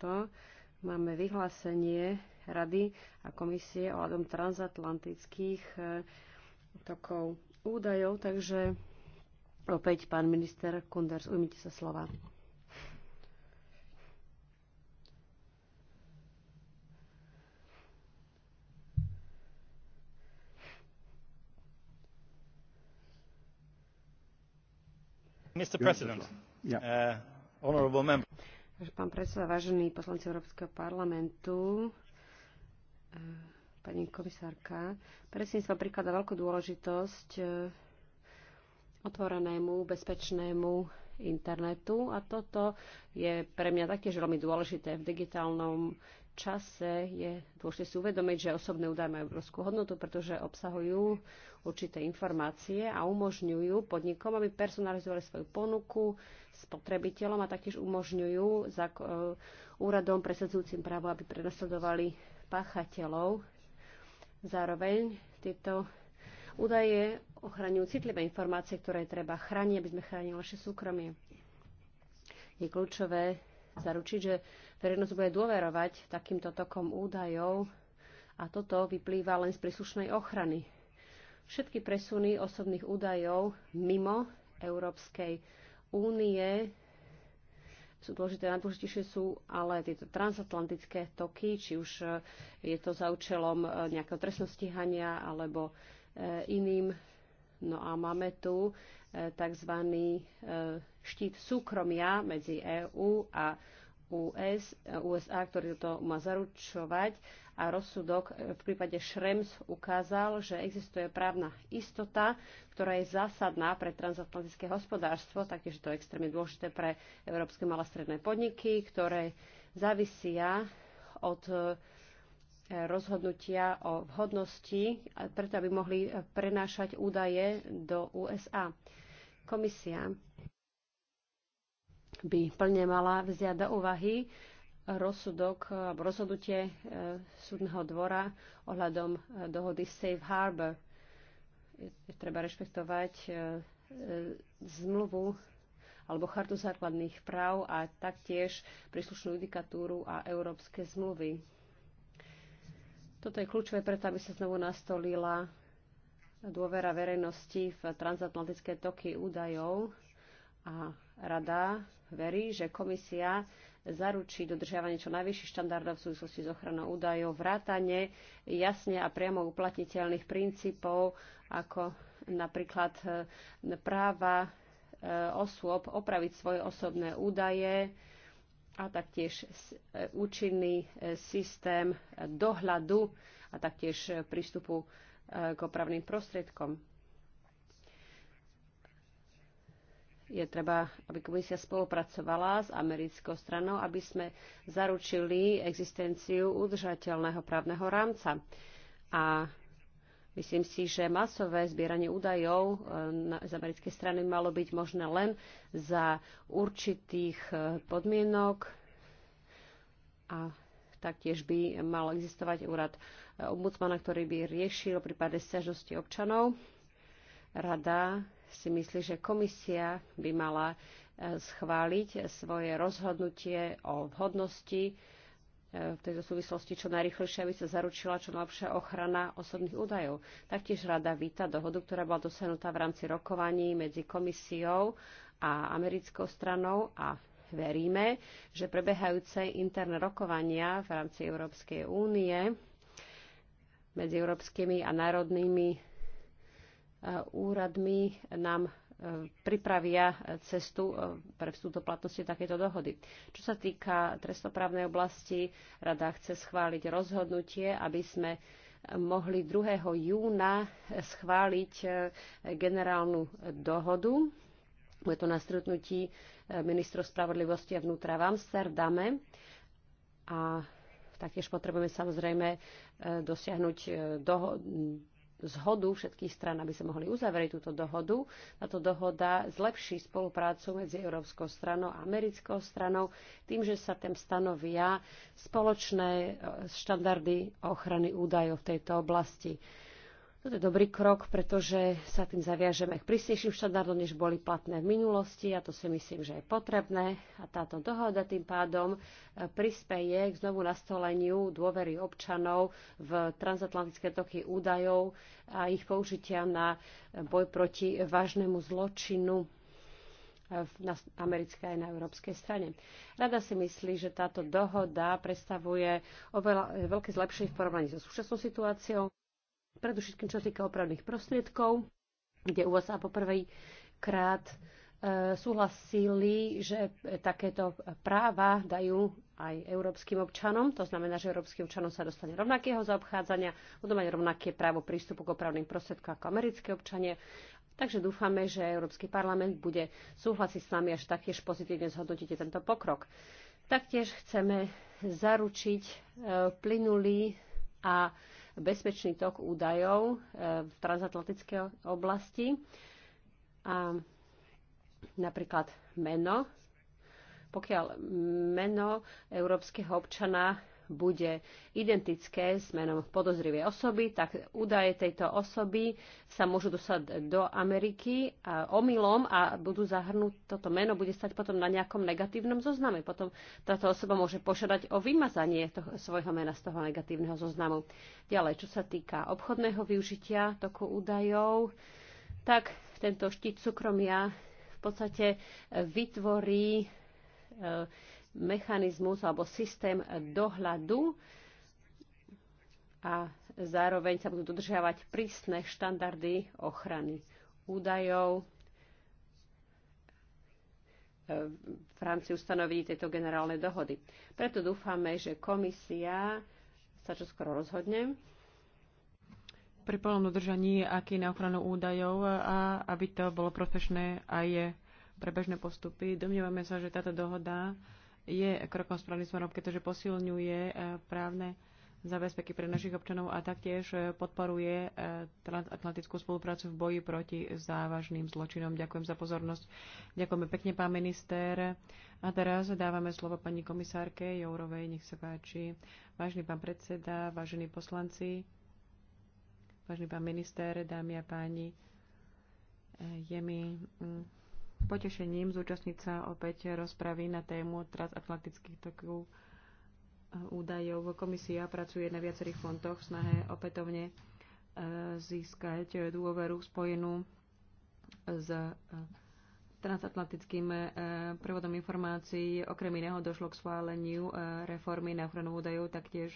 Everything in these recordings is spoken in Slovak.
to máme vyhlásenie Rady a komisie o hľadom transatlantických e, tokov údajov, takže opäť pán minister Kunders, ujmite sa slova. Mr. President, yeah. uh, honorable member. Pán predseda, vážení poslanci Európskeho parlamentu, eh, pani komisárka, predsedníctvo prikladá veľkú dôležitosť eh, otvorenému, bezpečnému internetu a toto je pre mňa taktiež veľmi dôležité v digitálnom čase je dôležité si uvedomiť, že osobné údaje majú obrovskú hodnotu, pretože obsahujú určité informácie a umožňujú podnikom, aby personalizovali svoju ponuku spotrebiteľom a taktiež umožňujú za, uh, e, úradom presadzujúcim právo, aby prenasledovali páchateľov. Zároveň tieto údaje ochraňujú citlivé informácie, ktoré treba chrániť, aby sme chránili naše súkromie. Je kľúčové zaručiť, že verejnosť bude dôverovať takýmto tokom údajov a toto vyplýva len z príslušnej ochrany. Všetky presuny osobných údajov mimo Európskej únie sú dôležité, najdôležitejšie sú ale tieto transatlantické toky, či už e, je to za účelom e, nejakého trestného stíhania alebo e, iným. No a máme tu tzv. štít súkromia medzi EÚ a US, USA, ktorý to má zaručovať a rozsudok v prípade Šrems ukázal, že existuje právna istota, ktorá je zásadná pre transatlantické hospodárstvo, taktiež to je extrémne dôležité pre európske malé stredné podniky, ktoré závisia od e, rozhodnutia o vhodnosti, preto aby mohli prenášať údaje do USA. Komisia by plne mala vziať do úvahy rozsudok, eh, rozhodnutie eh, súdneho dvora ohľadom eh, dohody Safe Harbor. Treba rešpektovať zmluvu alebo chartu základných práv a taktiež príslušnú judikatúru a európske zmluvy. Toto je kľúčové preto, aby sa znovu nastolila dôvera verejnosti v transatlantické toky údajov a rada verí, že komisia zaručí dodržiavanie čo najvyšších štandardov v súvislosti s ochranou údajov, vrátane jasne a priamo uplatniteľných princípov, ako napríklad e, práva e, osôb opraviť svoje osobné údaje a taktiež e, účinný systém dohľadu a taktiež prístupu k opravným prostriedkom. je treba, aby komisia spolupracovala s americkou stranou, aby sme zaručili existenciu udržateľného právneho rámca. A myslím si, že masové zbieranie údajov e, z americkej strany malo byť možné len za určitých e, podmienok a taktiež by mal existovať úrad e, ombudsmana, ktorý by riešil prípade sťažnosti občanov. Rada si myslí, že komisia by mala e, schváliť svoje rozhodnutie o vhodnosti e, v tejto súvislosti čo najrychlejšie, aby sa zaručila čo najlepšia ochrana osobných údajov. Taktiež rada víta dohodu, ktorá bola dosiahnutá v rámci rokovaní medzi komisiou a americkou stranou a veríme, že prebehajúce interné rokovania v rámci Európskej únie medzi európskymi a národnými úradmi nám e, pripravia cestu e, pre vstup do platnosti takéto dohody. Čo sa týka trestnoprávnej oblasti, rada chce schváliť rozhodnutie, aby sme mohli 2. júna schváliť e, generálnu dohodu. Bude to na stretnutí ministrov spravodlivosti a vnútra v Amsterdame. A taktiež potrebujeme samozrejme dosiahnuť dohodu zhodu všetkých stran, aby sa mohli uzavrieť túto dohodu. Táto dohoda zlepší spoluprácu medzi Európskou stranou a Americkou stranou tým, že sa tam stanovia spoločné e, štandardy ochrany údajov v tejto oblasti. Toto je dobrý krok, pretože sa tým zaviažeme k prísnejším štandardom, než boli platné v minulosti a to si myslím, že je potrebné. A táto dohoda tým pádom e, prispeje k znovu nastoleniu dôvery občanov v transatlantické toky údajov a ich použitia na e, boj proti vážnemu zločinu e, na americkej aj na európskej strane. Rada si myslí, že táto dohoda predstavuje oveľa veľké zlepšenie v porovnaní so súčasnou situáciou predovšetkým čo týka opravných prostriedkov, kde USA poprvý krát e, súhlasili, že takéto práva dajú aj európskym občanom. To znamená, že európskym občanom sa dostane rovnakého zaobchádzania, budú mať rovnaké právo prístupu k opravným prostriedkom ako americké občania. Takže dúfame, že Európsky parlament bude súhlasiť s nami až taktiež pozitívne zhodnotíte tento pokrok. Taktiež chceme zaručiť e, plynulý a bezpečný tok údajov e, v transatlantickej oblasti. A napríklad meno. Pokiaľ meno európskeho občana bude identické s menom podozrivej osoby, tak údaje tejto osoby sa môžu dostať do Ameriky a omylom a budú zahrnúť, toto meno bude stať potom na nejakom negatívnom zozname. Potom táto osoba môže požiadať o vymazanie toho, svojho mena z toho negatívneho zoznamu. Ďalej, čo sa týka obchodného využitia toku údajov, tak tento štít súkromia v podstate vytvorí e, mechanizmus alebo systém dohľadu a zároveň sa budú dodržiavať prísne štandardy ochrany údajov. V rámci ustanovení tejto generálnej dohody. Preto dúfame, že komisia sa čo skoro rozhodne pri plnom dodržaní aký na ochranu údajov a aby to bolo profesné aj pre bežné postupy. Domnievame sa, že táto dohoda je krokom správnym smerom, pretože posilňuje e, právne zabezpeky pre našich občanov a taktiež e, podporuje e, transatlantickú spoluprácu v boji proti závažným zločinom. Ďakujem za pozornosť. Ďakujeme pekne, pán minister. A teraz dávame slovo pani komisárke Jourovej. Nech sa páči. Vážený pán predseda, vážení poslanci, vážený pán minister, dámy a páni, je mi mm, potešením zúčastniť sa opäť rozpravy na tému transatlantických tokov e, údajov. Komisia pracuje na viacerých fontoch v snahe opätovne e, získať dôveru spojenú s e, transatlantickým prevodom informácií. Okrem iného došlo k schváleniu reformy na ochranu údajov, taktiež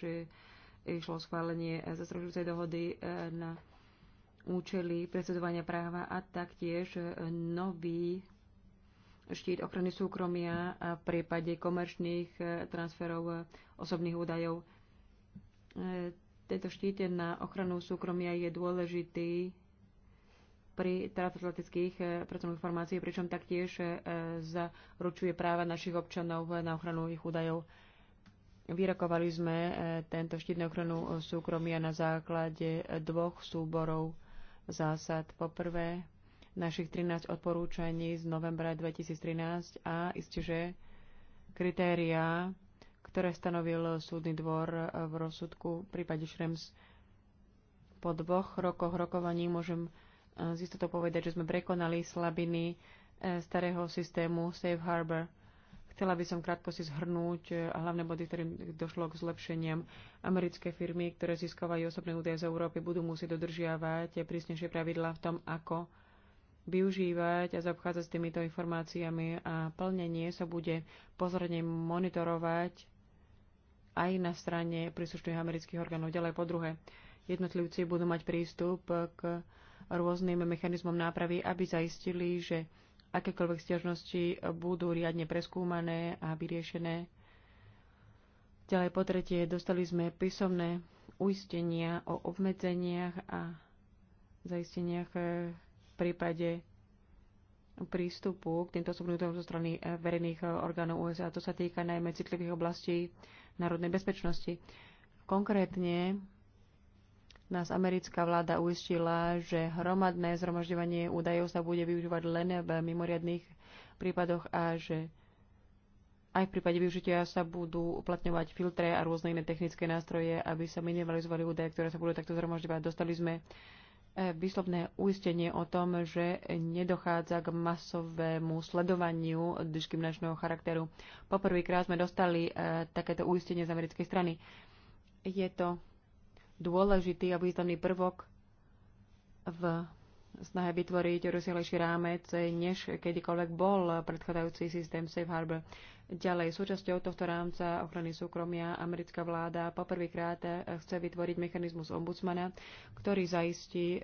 išlo schválenie zastrašujúcej dohody na účely predsedovania práva a taktiež nový štít ochrany súkromia a v prípade komerčných e, transferov e, osobných údajov. E, tento štít na ochranu súkromia je dôležitý pri transatlantických pracovných informácií, pričom taktiež zaručuje práva našich občanov na ochranu ich údajov. Vyrokovali sme tento štít na ochranu súkromia na základe dvoch súborov zásad. Poprvé, našich 13 odporúčaní z novembra 2013 a isteže kritériá, ktoré stanovil súdny dvor v rozsudku v prípade Šrems. Po dvoch rokoch rokovaní môžem z e, istotou povedať, že sme prekonali slabiny e, starého systému Safe Harbor. Chcela by som krátko si zhrnúť e, hlavné body, ktorým došlo k zlepšeniam. Americké firmy, ktoré získavajú osobné údaje z Európy, budú musieť dodržiavať prísnejšie pravidlá v tom, ako využívať a zaobchádzať s týmito informáciami a plnenie sa bude pozorne monitorovať aj na strane príslušných amerických orgánov. Ďalej po druhé, jednotlivci budú mať prístup k rôznym mechanizmom nápravy, aby zaistili, že akékoľvek stiažnosti budú riadne preskúmané a vyriešené. Ďalej po tretie, dostali sme písomné uistenia o obmedzeniach a zaisteniach prípade prístupu k týmto osobným údajom zo strany eh, verejných eh, orgánov USA. To sa týka najmä citlivých oblastí národnej bezpečnosti. Konkrétne nás americká vláda uistila, že hromadné zhromažďovanie údajov sa bude využívať len v mimoriadných prípadoch a že aj v prípade využitia sa budú uplatňovať filtre a rôzne iné technické nástroje, aby sa minimalizovali údaje, ktoré sa budú takto zhromažďovať. Dostali sme E, výslovné uistenie o tom, že nedochádza k masovému sledovaniu diskriminačného charakteru. Poprvýkrát sme dostali e, takéto uistenie z americkej strany. Je to dôležitý a významný prvok v snahe vytvoriť rozsiahlejší rámec, než kedykoľvek bol predchádzajúci systém Safe Harbor. Ďalej, súčasťou tohto rámca ochrany súkromia americká vláda poprvýkrát chce vytvoriť mechanizmus ombudsmana, ktorý zaistí, eh,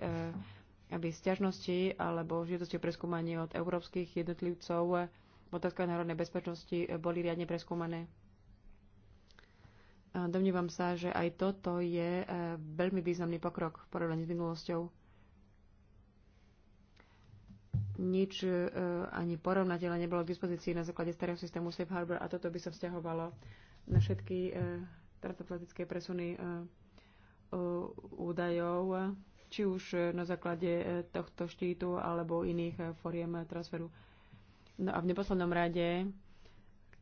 aby sťažnosti alebo žiadosti o preskúmanie od európskych jednotlivcov v otázkach národnej bezpečnosti boli riadne preskúmané. Domnívam sa, že aj toto je eh, veľmi významný pokrok v porovnaní s minulosťou nič e, ani porovnateľa nebolo k dispozícii na základe starého systému Safe Harbor a toto by sa vzťahovalo na všetky e, transatlantické presuny e, údajov, či už na základe tohto štítu alebo iných foriem transferu. No a v neposlednom rade,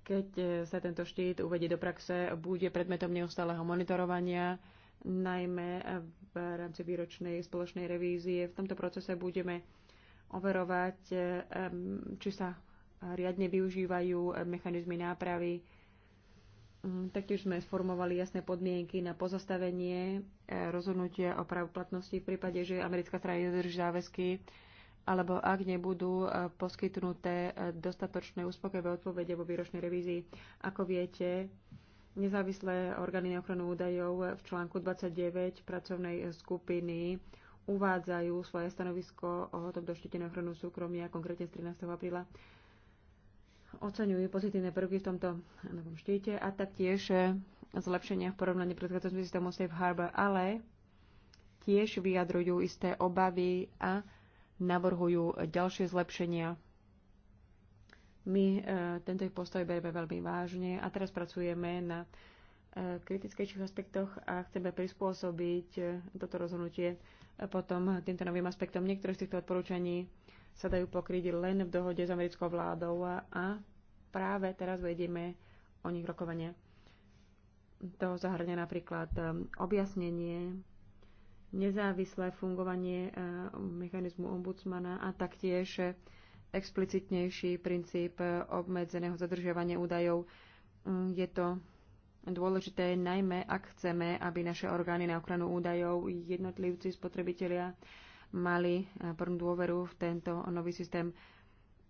keď sa tento štít uvedie do praxe, bude predmetom neustáleho monitorovania, najmä v rámci výročnej spoločnej revízie. V tomto procese budeme overovať, eh, či sa riadne využívajú eh, mechanizmy nápravy. Mm, taktiež sme sformovali jasné podmienky na pozastavenie eh, rozhodnutia o pravoplatnosti v prípade, že americká strana nedrží záväzky alebo ak nebudú poskytnuté dostatočné uspokojivé odpovede vo výročnej revízii. Ako viete, nezávislé orgány na ochranu údajov v článku 29 pracovnej skupiny uvádzajú svoje stanovisko o obdoštite na ochranu súkromia, konkrétne z 13. apríla. Oceňujú pozitívne prvky v tomto novom štíte a taktiež e, zlepšenia v porovnaní predchádzajúcim systémom Safe Harbor, ale tiež vyjadrujú isté obavy a navrhujú ďalšie zlepšenia. My e, tento ich postoj berieme veľmi vážne a teraz pracujeme na e, kritickejších aspektoch a chceme prispôsobiť e, toto rozhodnutie potom týmto novým aspektom. Niektoré z týchto odporúčaní sa dajú pokryť len v dohode s americkou vládou a práve teraz vedieme o nich rokovanie. To zahrňa napríklad um, objasnenie, nezávislé fungovanie uh, mechanizmu ombudsmana a taktiež explicitnejší princíp uh, obmedzeného zadržiavania údajov. Um, je to dôležité je najmä, ak chceme, aby naše orgány na ochranu údajov, jednotlivci, spotrebitelia mali eh, prvú dôveru v tento nový systém.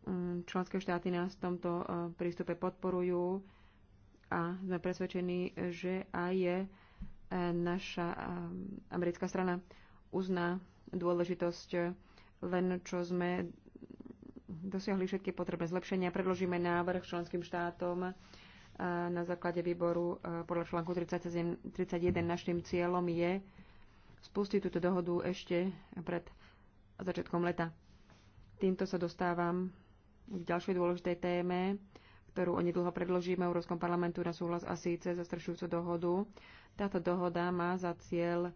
Mm, členské štáty nás v tomto eh, prístupe podporujú a sme presvedčení, že aj je eh, naša americká strana uzná dôležitosť len čo sme dosiahli všetky potrebné zlepšenia, predložíme návrh členským štátom na základe výboru e, podľa článku 31 našim cieľom je spustiť túto dohodu ešte pred začiatkom leta. Týmto sa dostávam k ďalšej dôležitej téme, ktorú onedlho predložíme Európskom parlamentu na súhlas a síce zastrešujúcu dohodu. Táto dohoda má za cieľ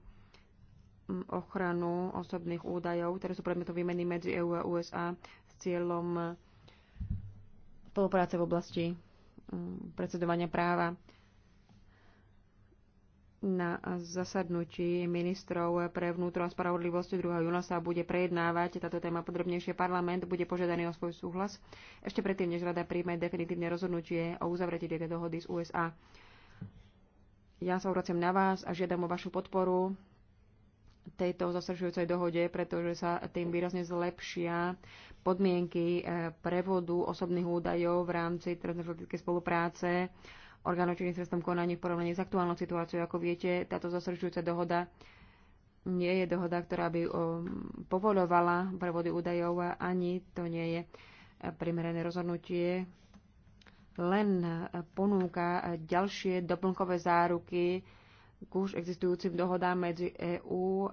ochranu osobných údajov, ktoré sú predmetom výmeny medzi EU a USA s cieľom e, spolupráce v oblasti Mm, predsedovania práva. Na zasadnutí ministrov pre vnútro a spravodlivosť 2. júna sa bude prejednávať táto téma podrobnejšie. Parlament bude požiadaný o svoj súhlas ešte predtým, než rada príjme definitívne rozhodnutie o uzavretí tejto dohody z USA. Ja sa obraciam na vás a žiadam o vašu podporu tejto zastrašujúcej dohode, pretože sa tým výrazne zlepšia podmienky eh, prevodu osobných údajov v rámci transatlantickej spolupráce orgánov činných trestom konaní v porovnaní s aktuálnou situáciou. Ako viete, táto zastrašujúca dohoda nie je dohoda, ktorá by eh, povolovala prevody údajov, a ani to nie je eh, primerané rozhodnutie. Len ponúka ďalšie doplnkové záruky, k už existujúcim dohodám medzi EÚ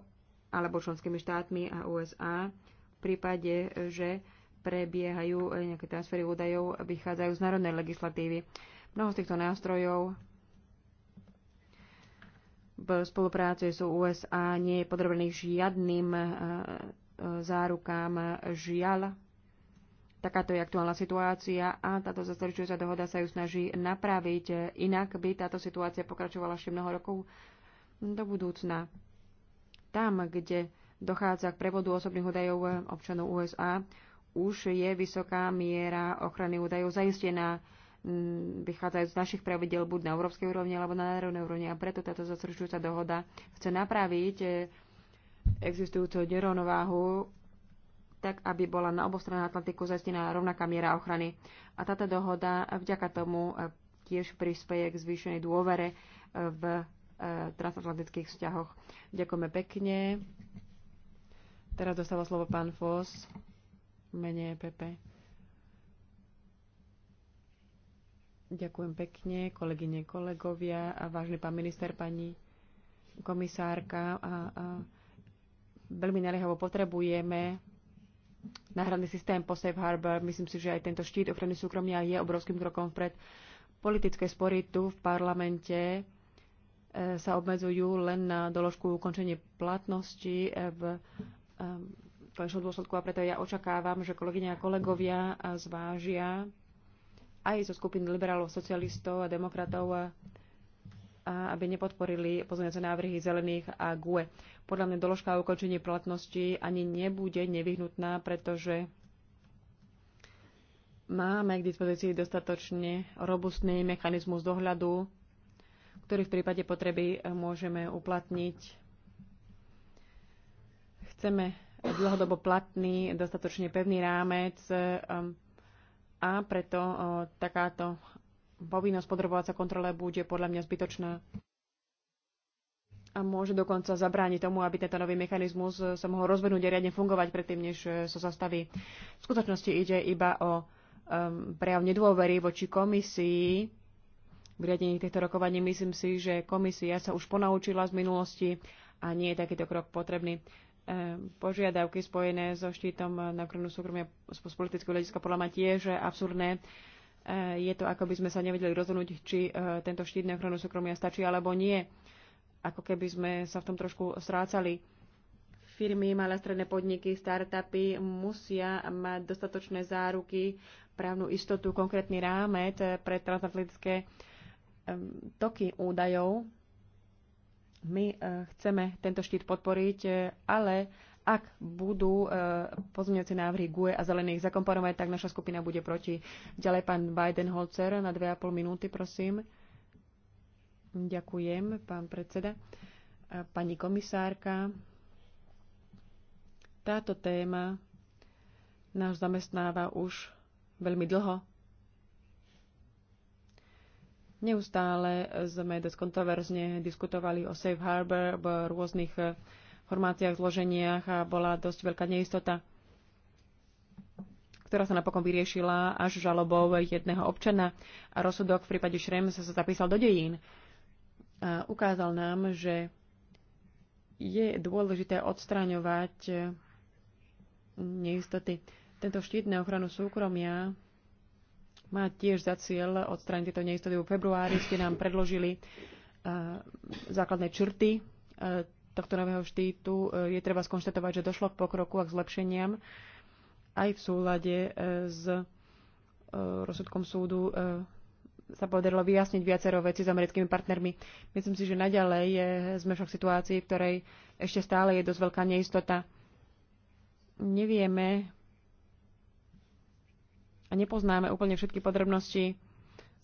alebo členskými štátmi a USA v prípade, že prebiehajú nejaké transfery údajov, vychádzajú z národnej legislatívy. Mnoho z týchto nástrojov v spolupráci s USA nie je podrobených žiadnym eh, eh, zárukám. Žiaľ, Takáto je aktuálna situácia a táto zastrčujúca dohoda sa ju snaží napraviť. Inak by táto situácia pokračovala ešte mnoho rokov do budúcna. Tam, kde dochádza k prevodu osobných údajov občanov USA, už je vysoká miera ochrany údajov zaistená vychádzajú z našich pravidel buď na európskej úrovni alebo na národnej úrovni a preto táto zastrčujúca dohoda chce napraviť eh, existujúcu nerovnováhu tak aby bola na oboch stranách Atlantiku zastená rovnaká miera ochrany. A táto dohoda eh, vďaka tomu eh, tiež prispieje k zvýšenej dôvere eh, v transatlantických vzťahoch. Ďakujeme pekne. Teraz dostáva slovo pán Foss mene Pepe. Ďakujem pekne, kolegyne, kolegovia, a vážny pán minister, pani komisárka. A, a veľmi naliehavo potrebujeme náhradný systém po Safe Harbor. Myslím si, že aj tento štít ochrany súkromia je obrovským krokom vpred. Politické spory tu v parlamente e, sa obmedzujú len na doložku ukončenie platnosti e, v e, konečnom dôsledku a preto ja očakávam, že kolegyňa a kolegovia zvážia aj zo skupín liberálov, socialistov a demokratov aby nepodporili pozmeňujúce návrhy zelených a GUE. Podľa mňa doložka o ukončení platnosti ani nebude nevyhnutná, pretože máme k dispozícii dostatočne robustný mechanizmus dohľadu, ktorý v prípade potreby môžeme uplatniť. Chceme dlhodobo platný, dostatočne pevný rámec um, a preto takáto povinnosť podrobovať sa kontrole bude podľa mňa zbytočná a môže dokonca zabrániť tomu, aby tento nový mechanizmus eh, sa mohol rozvinúť a riadne fungovať predtým, než eh, sa zastaví. V skutočnosti ide iba o um, prejav nedôvery voči komisii v riadení týchto rokovaní. Myslím si, že komisia sa už ponaučila z minulosti a nie je takýto krok potrebný. Um, požiadavky spojené so štítom na ochranu súkromia z politického hľadiska podľa ma tiež eh, absurdné. Um, Eh, je to, ako by sme sa nevedeli rozhodnúť, či eh, tento štít na ochranu súkromia stačí alebo nie. Ako keby sme sa v tom trošku strácali. Firmy, malé stredné podniky, startupy musia mať dostatočné záruky, právnu istotu, konkrétny rámec eh, pre transatlantické toky údajov. My chceme tento štít podporiť, ale ak budú e, pozmeňujúce návrhy GUE a zelených zakomponovať, tak naša skupina bude proti. Ďalej pán Biden-Holzer na 2,5 minúty, prosím. Ďakujem, pán predseda. E, pani komisárka, táto téma nás zamestnáva už veľmi dlho. Neustále sme dosť kontroverzne diskutovali o Safe Harbor v rôznych formáciách, zloženiach a bola dosť veľká neistota, ktorá sa napokon vyriešila až žalobou jedného občana a rozsudok v prípade Šrem sa sa zapísal do dejín. A ukázal nám, že je dôležité odstraňovať neistoty. Tento štít na ochranu súkromia má tiež za cieľ odstrániť tieto neistoty. V februári ste nám predložili základné črty tohto nového štítu e, je treba skonštatovať, že došlo k pokroku a k zlepšeniam aj v súlade e, s e, rozsudkom súdu sa podarilo vyjasniť viacero veci s americkými partnermi. Myslím si, že naďalej je, sme však v situácii, v ktorej ešte stále je dosť veľká neistota. Nevieme a nepoznáme úplne všetky podrobnosti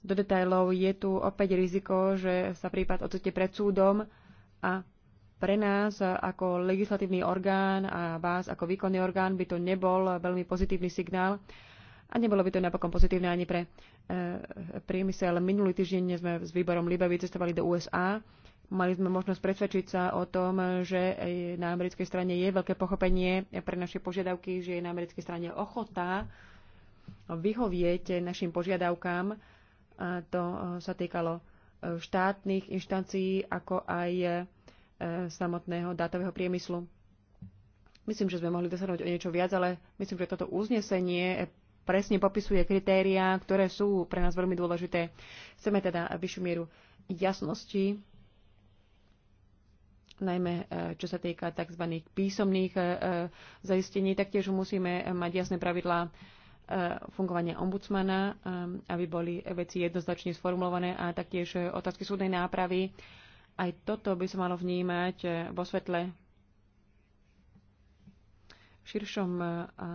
do detajlov. Je tu opäť riziko, že sa prípad ocite pred súdom a pre nás ako legislatívny orgán a vás ako výkonný orgán by to nebol veľmi pozitívny signál a nebolo by to napokon pozitívne ani pre e, priemysel. Minulý týždeň sme s výborom Libe vycestovali do USA. Mali sme možnosť presvedčiť sa o tom, že na americkej strane je veľké pochopenie pre naše požiadavky, že je na americkej strane ochota vyhovieť našim požiadavkám. A to eh, sa týkalo eh, štátnych inštancií, ako aj E, samotného dátového priemyslu. Myslím, že sme mohli dosiahnuť o niečo viac, ale myslím, že toto uznesenie presne popisuje kritériá, ktoré sú pre nás veľmi dôležité. Chceme teda vyššiu mieru jasnosti, najmä e, čo sa týka tzv. písomných e, zaistení, taktiež musíme mať jasné pravidlá fungovania ombudsmana, aby boli veci jednoznačne sformulované a taktiež otázky súdnej nápravy aj toto by sa malo vnímať eh, vo svetle v širšom eh, a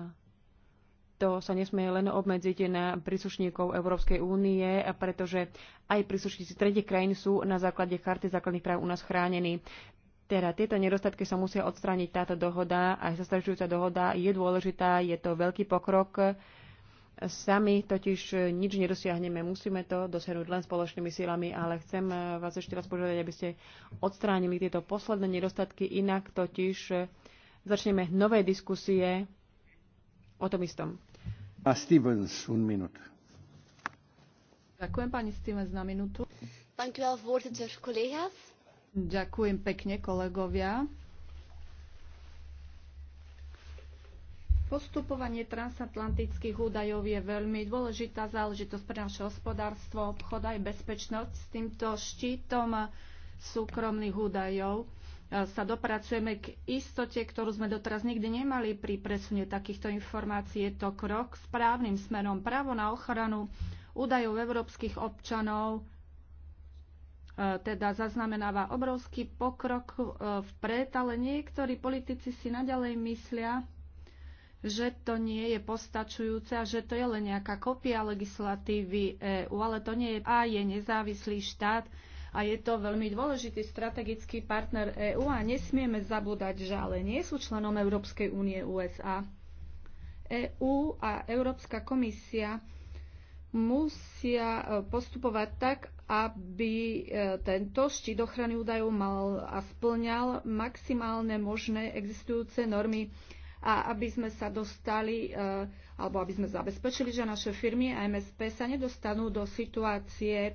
to sa nesmie len obmedziť na príslušníkov Európskej únie, pretože aj príslušníci tretie krajín sú na základe charty základných práv u nás chránení. Teda tieto nedostatky sa musia odstrániť táto dohoda, aj zastrašujúca dohoda je dôležitá, je to veľký pokrok Sami totiž e, nič nedosiahneme, musíme to dosiahnuť len spoločnými silami, ale chcem e, vás ešte raz požiadať, aby ste odstránili tieto posledné nedostatky, inak totiž e, začneme nové diskusie o tom istom. A Stevens, un minút. Ďakujem pani Stevens na minútu. Ďakujem pekne kolegovia. Postupovanie transatlantických údajov je veľmi dôležitá záležitosť pre naše hospodárstvo, obchod aj bezpečnosť. S týmto štítom súkromných údajov e, sa dopracujeme k istote, ktorú sme doteraz nikdy nemali pri presune takýchto informácií. Je to krok správnym smerom. Právo na ochranu údajov európskych občanov e, teda zaznamenáva obrovský pokrok e, vpred, ale niektorí politici si naďalej myslia, že to nie je postačujúce a že to je len nejaká kopia legislatívy EU, ale to nie je a je nezávislý štát a je to veľmi dôležitý strategický partner EÚ a nesmieme zabúdať, že ale nie sú členom Európskej únie USA. EÚ EU a Európska komisia musia e, postupovať tak, aby e, tento štít ochrany údajov mal a splňal maximálne možné existujúce normy a aby sme sa dostali, eh, alebo aby sme zabezpečili, že naše firmy a MSP sa nedostanú do situácie eh,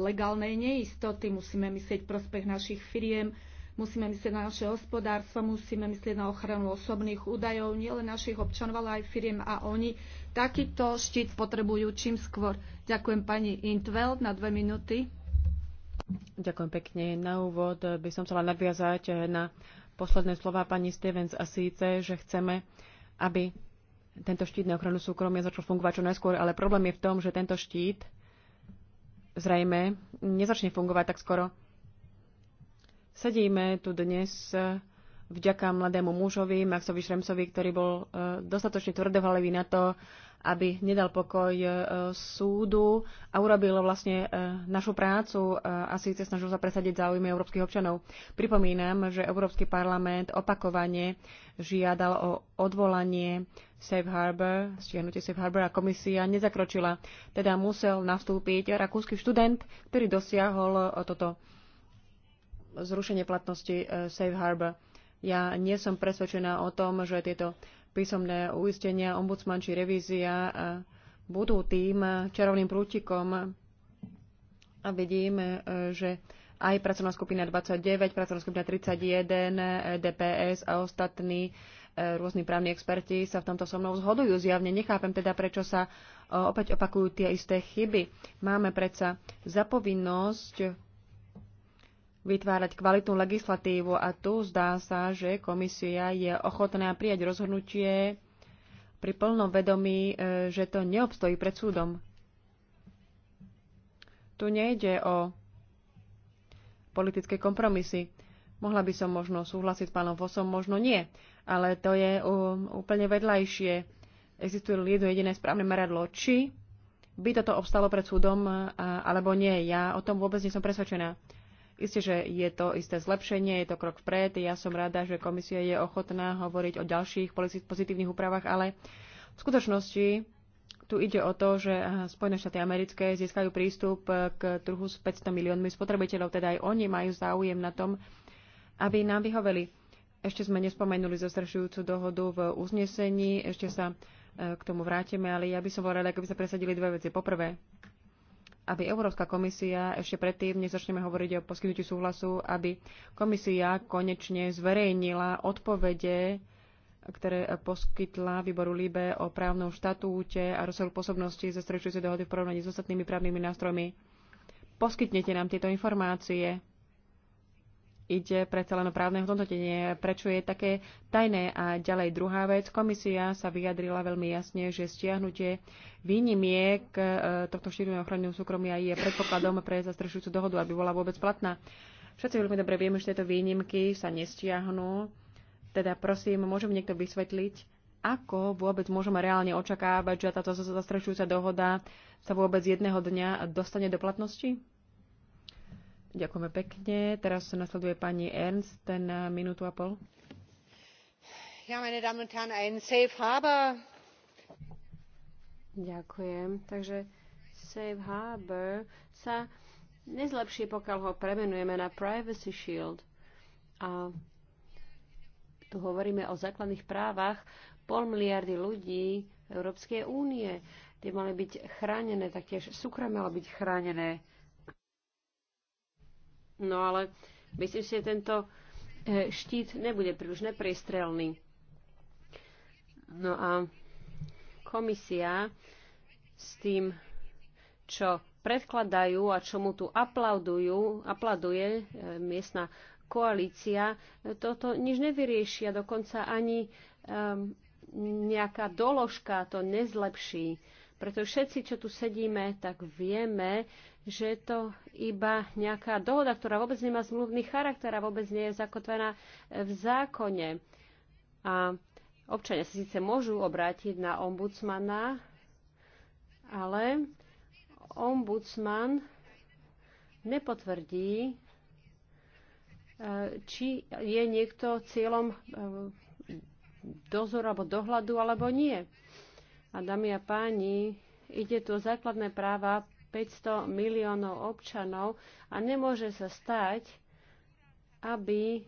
legálnej neistoty. Musíme myslieť prospech našich firiem, musíme myslieť na naše hospodárstvo, musíme myslieť na ochranu osobných údajov, nielen našich občanov, ale aj firiem a oni takýto štít potrebujú čím skôr. Ďakujem pani Intveld na dve minúty. Ďakujem pekne. Na úvod by som chcela nadviazať na posledné slova pani Stevens a síce, že chceme, aby tento štít na ochranu súkromia začal fungovať čo najskôr, ale problém je v tom, že tento štít zrejme nezačne fungovať tak skoro. Sedíme tu dnes eh, vďaka mladému mužovi, Maxovi Šremcovi, ktorý bol eh, dostatočne tvrdohalivý na to, aby nedal pokoj e, súdu a urobil vlastne e, našu prácu e, a síce snažil sa presadiť záujmy európskych občanov. Pripomínam, že Európsky parlament opakovane žiadal o odvolanie Safe Harbor, stiahnutie Safe Harbor a komisia nezakročila. Teda musel nastúpiť rakúsky študent, ktorý dosiahol toto zrušenie platnosti Safe Harbor. Ja nie som presvedčená o tom, že tieto písomné uistenia, ombudsman či revízia budú tým čarovným prútikom a vidím, e, že aj pracovná skupina 29, pracovná skupina 31, e, DPS a ostatní e, rôzni právni experti sa v tomto so mnou zhodujú. Zjavne nechápem teda, prečo sa opäť opakujú tie isté chyby. Máme predsa zapovinnosť vytvárať kvalitnú legislatívu a tu zdá sa, že komisia je ochotná prijať rozhodnutie pri plnom vedomí, e, že to neobstojí pred súdom. Tu nejde o politické kompromisy. Mohla by som možno súhlasiť s pánom Vosom, možno nie, ale to je úplne vedľajšie. Existuje jedno jediné správne meradlo, či by toto obstalo pred súdom alebo nie. Ja o tom vôbec nie som presvedčená. Isté, že je to isté zlepšenie, je to krok vpred. Ja som rada, že komisia je ochotná hovoriť o ďalších pozitívnych úpravách, ale v skutočnosti tu ide o to, že Spojené štáty americké získajú prístup k trhu s 500 miliónmi spotrebiteľov, teda aj oni majú záujem na tom, aby nám vyhoveli. Ešte sme nespomenuli zastrašujúcu dohodu v uznesení, ešte sa e, k tomu vrátime, ale ja by som bol rada, keby sa presadili dve veci. Poprvé, aby Európska komisia ešte predtým, než začneme hovoriť o poskytnutí súhlasu, aby komisia konečne zverejnila odpovede, ktoré poskytla výboru LIBE o právnom štatúte a rozsahu pôsobnosti strečujúcej dohody v porovnaní s ostatnými právnymi nástrojmi. Poskytnete nám tieto informácie ide predsa len o právne hodnotenie, prečo je také tajné. A ďalej druhá vec, komisia sa vyjadrila veľmi jasne, že stiahnutie výnimiek e, tohto šírenia ochranného súkromia je predpokladom pre zastrešujúcu dohodu, aby bola vôbec platná. Všetci veľmi dobre vieme, že tieto výnimky sa nestiahnu. Teda prosím, môžem niekto vysvetliť, ako vôbec môžeme reálne očakávať, že táto zastrešujúca dohoda sa vôbec jedného dňa dostane do platnosti? Ďakujeme pekne. Teraz sa nasleduje pani Ernst, ten eh, minútu a pol. Ja, meine Damen und Herren, ein Safe Harbor. Ďakujem. Takže Safe Harbor sa nezlepší, pokiaľ ho premenujeme na Privacy Shield. A tu hovoríme o základných právach pol miliardy ľudí Európskej únie. Tie mali byť chránené, taktiež súkromie malo byť chránené No ale myslím si, že tento e, štít nebude príliš neprestrelný. No a komisia s tým, čo predkladajú a čomu tu aplaudujú, aplauduje e, miestna koalícia, toto nič nevyriešia, dokonca ani um, nejaká doložka to nezlepší. Preto všetci, čo tu sedíme, tak vieme, že je to iba nejaká dohoda, ktorá vôbec nemá zmluvný charakter a vôbec nie je zakotvená v zákone. A občania sa síce môžu obrátiť na ombudsmana, ale ombudsman nepotvrdí, e, či je niekto cieľom e, dozoru alebo dohľadu alebo nie. A dámy a páni, ide tu o základné práva 500 miliónov občanov a nemôže sa stať, aby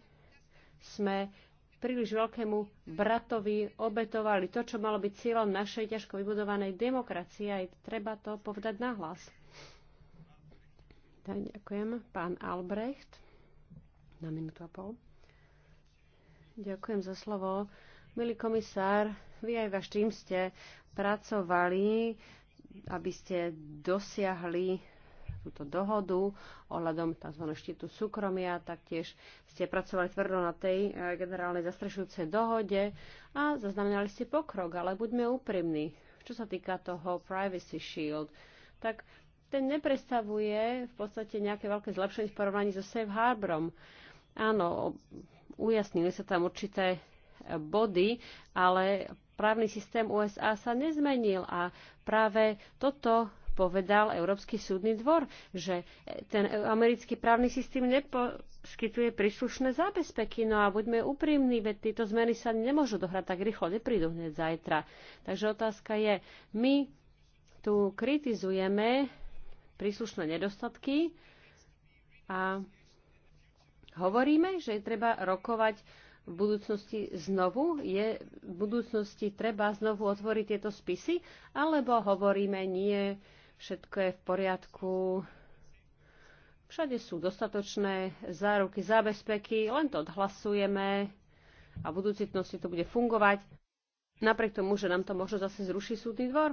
sme príliš veľkému bratovi obetovali to, čo malo byť cieľom našej ťažko vybudovanej demokracie. Aj treba to povedať nahlas. Tak, ďakujem. Pán Albrecht, na minútu a pol. Ďakujem za slovo. Milý komisár, vy aj váš tým ste pracovali aby ste dosiahli túto dohodu ohľadom tzv. štítu súkromia. Taktiež ste pracovali tvrdo na tej e, generálnej zastrešujúcej dohode a zaznamenali ste pokrok, ale buďme úprimní. Čo sa týka toho Privacy Shield, tak ten neprestavuje v podstate nejaké veľké zlepšenie v porovnaní so Safe Harborom. Áno, ujasnili sa tam určité body, ale právny systém USA sa nezmenil a práve toto povedal Európsky súdny dvor, že ten americký právny systém neposkytuje príslušné zábezpeky. No a buďme úprimní, veď tieto zmeny sa nemôžu dohrať tak rýchlo, neprídu hneď zajtra. Takže otázka je, my tu kritizujeme príslušné nedostatky a hovoríme, že treba rokovať v budúcnosti znovu? Je v budúcnosti treba znovu otvoriť tieto spisy? Alebo hovoríme, nie, všetko je v poriadku, všade sú dostatočné záruky, zábezpeky, len to odhlasujeme a v budúcnosti to bude fungovať, napriek tomu, že nám to možno zase zruší súdny dvor.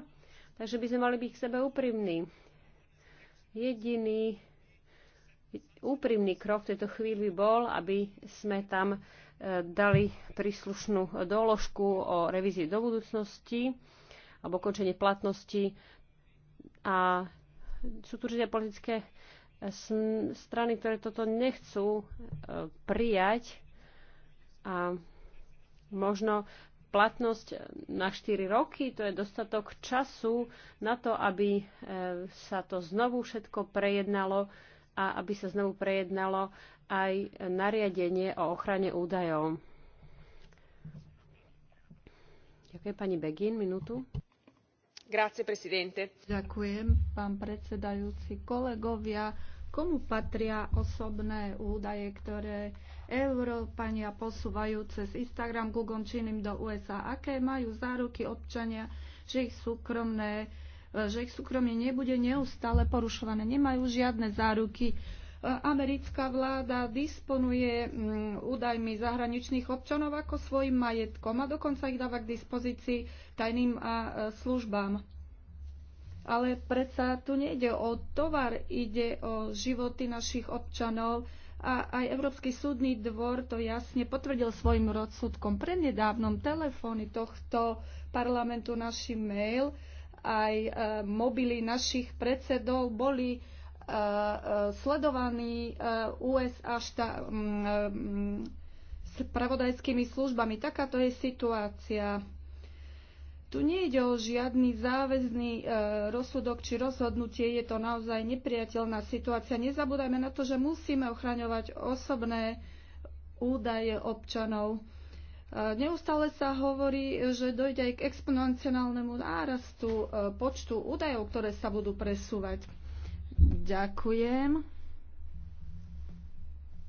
Takže by sme mali byť k sebe úprimní. Jediný úprimný krok v tejto chvíli bol, aby sme tam dali príslušnú doložku o revízii do budúcnosti alebo končenie platnosti a sú tu určite politické strany, ktoré toto nechcú e, prijať a možno platnosť na 4 roky, to je dostatok času na to, aby e, sa to znovu všetko prejednalo a aby sa znovu prejednalo aj nariadenie o ochrane údajov. Ďakujem pani Begin, minútu. Grazie, presidente. Ďakujem, pán predsedajúci. Kolegovia, komu patria osobné údaje, ktoré Európania posúvajú cez Instagram, Google či iným do USA? Aké majú záruky občania, že ich súkromné že ich súkromie nebude neustále porušované. Nemajú žiadne záruky americká vláda disponuje mm, údajmi zahraničných občanov ako svojim majetkom a dokonca ich dáva k dispozícii tajným e, službám. Ale predsa tu nejde o tovar, ide o životy našich občanov a aj Európsky súdny dvor to jasne potvrdil svojim rozsudkom. Prednedávnom telefóny tohto parlamentu naši mail aj e, mobily našich predsedov boli sledovaní eh, USA šta, mm, eh, mm, pravodajskými službami. Takáto je situácia. Tu nejde o žiadny záväzný e, rozsudok či rozhodnutie, je to naozaj nepriateľná situácia. Nezabúdajme na to, že musíme ochraňovať osobné údaje občanov. E, neustále sa hovorí, že dojde aj k exponenciálnemu nárastu e, počtu údajov, ktoré sa budú presúvať. Ďakujem.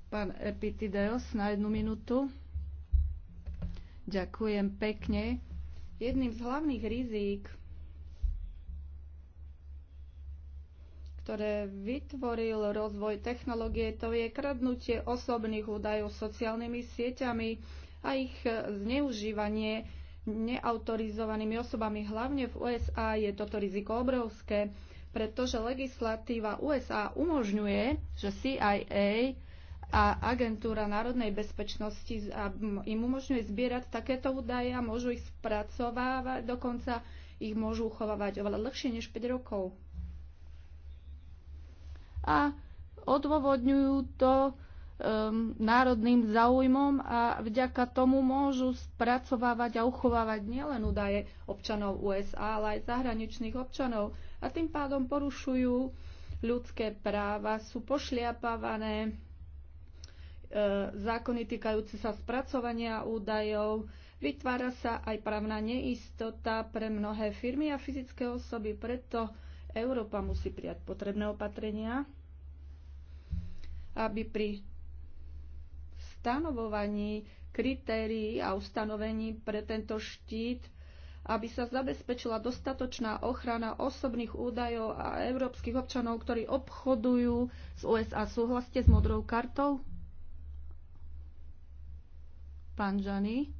Pán Epitideos na jednu minútu. Ďakujem pekne. Jedným z hlavných rizík, ktoré vytvoril rozvoj technológie, to je kradnutie osobných údajov sociálnymi sieťami a ich zneužívanie neautorizovanými osobami. Hlavne v USA je toto riziko obrovské pretože legislatíva USA umožňuje, že CIA a agentúra národnej bezpečnosti im umožňuje zbierať takéto údaje a môžu ich spracovávať, dokonca ich môžu uchovávať oveľa dlhšie než 5 rokov. A odôvodňujú to um, národným záujmom a vďaka tomu môžu spracovávať a uchovávať nielen údaje občanov USA, ale aj zahraničných občanov a tým pádom porušujú ľudské práva, sú pošliapávané e, zákony týkajúce sa spracovania údajov, vytvára sa aj právna neistota pre mnohé firmy a fyzické osoby, preto Európa musí prijať potrebné opatrenia, aby pri stanovovaní kritérií a ustanovení pre tento štít, aby sa zabezpečila dostatočná ochrana osobných údajov a európskych občanov, ktorí obchodujú z USA. Súhlaste s modrou kartou? Pán Žany.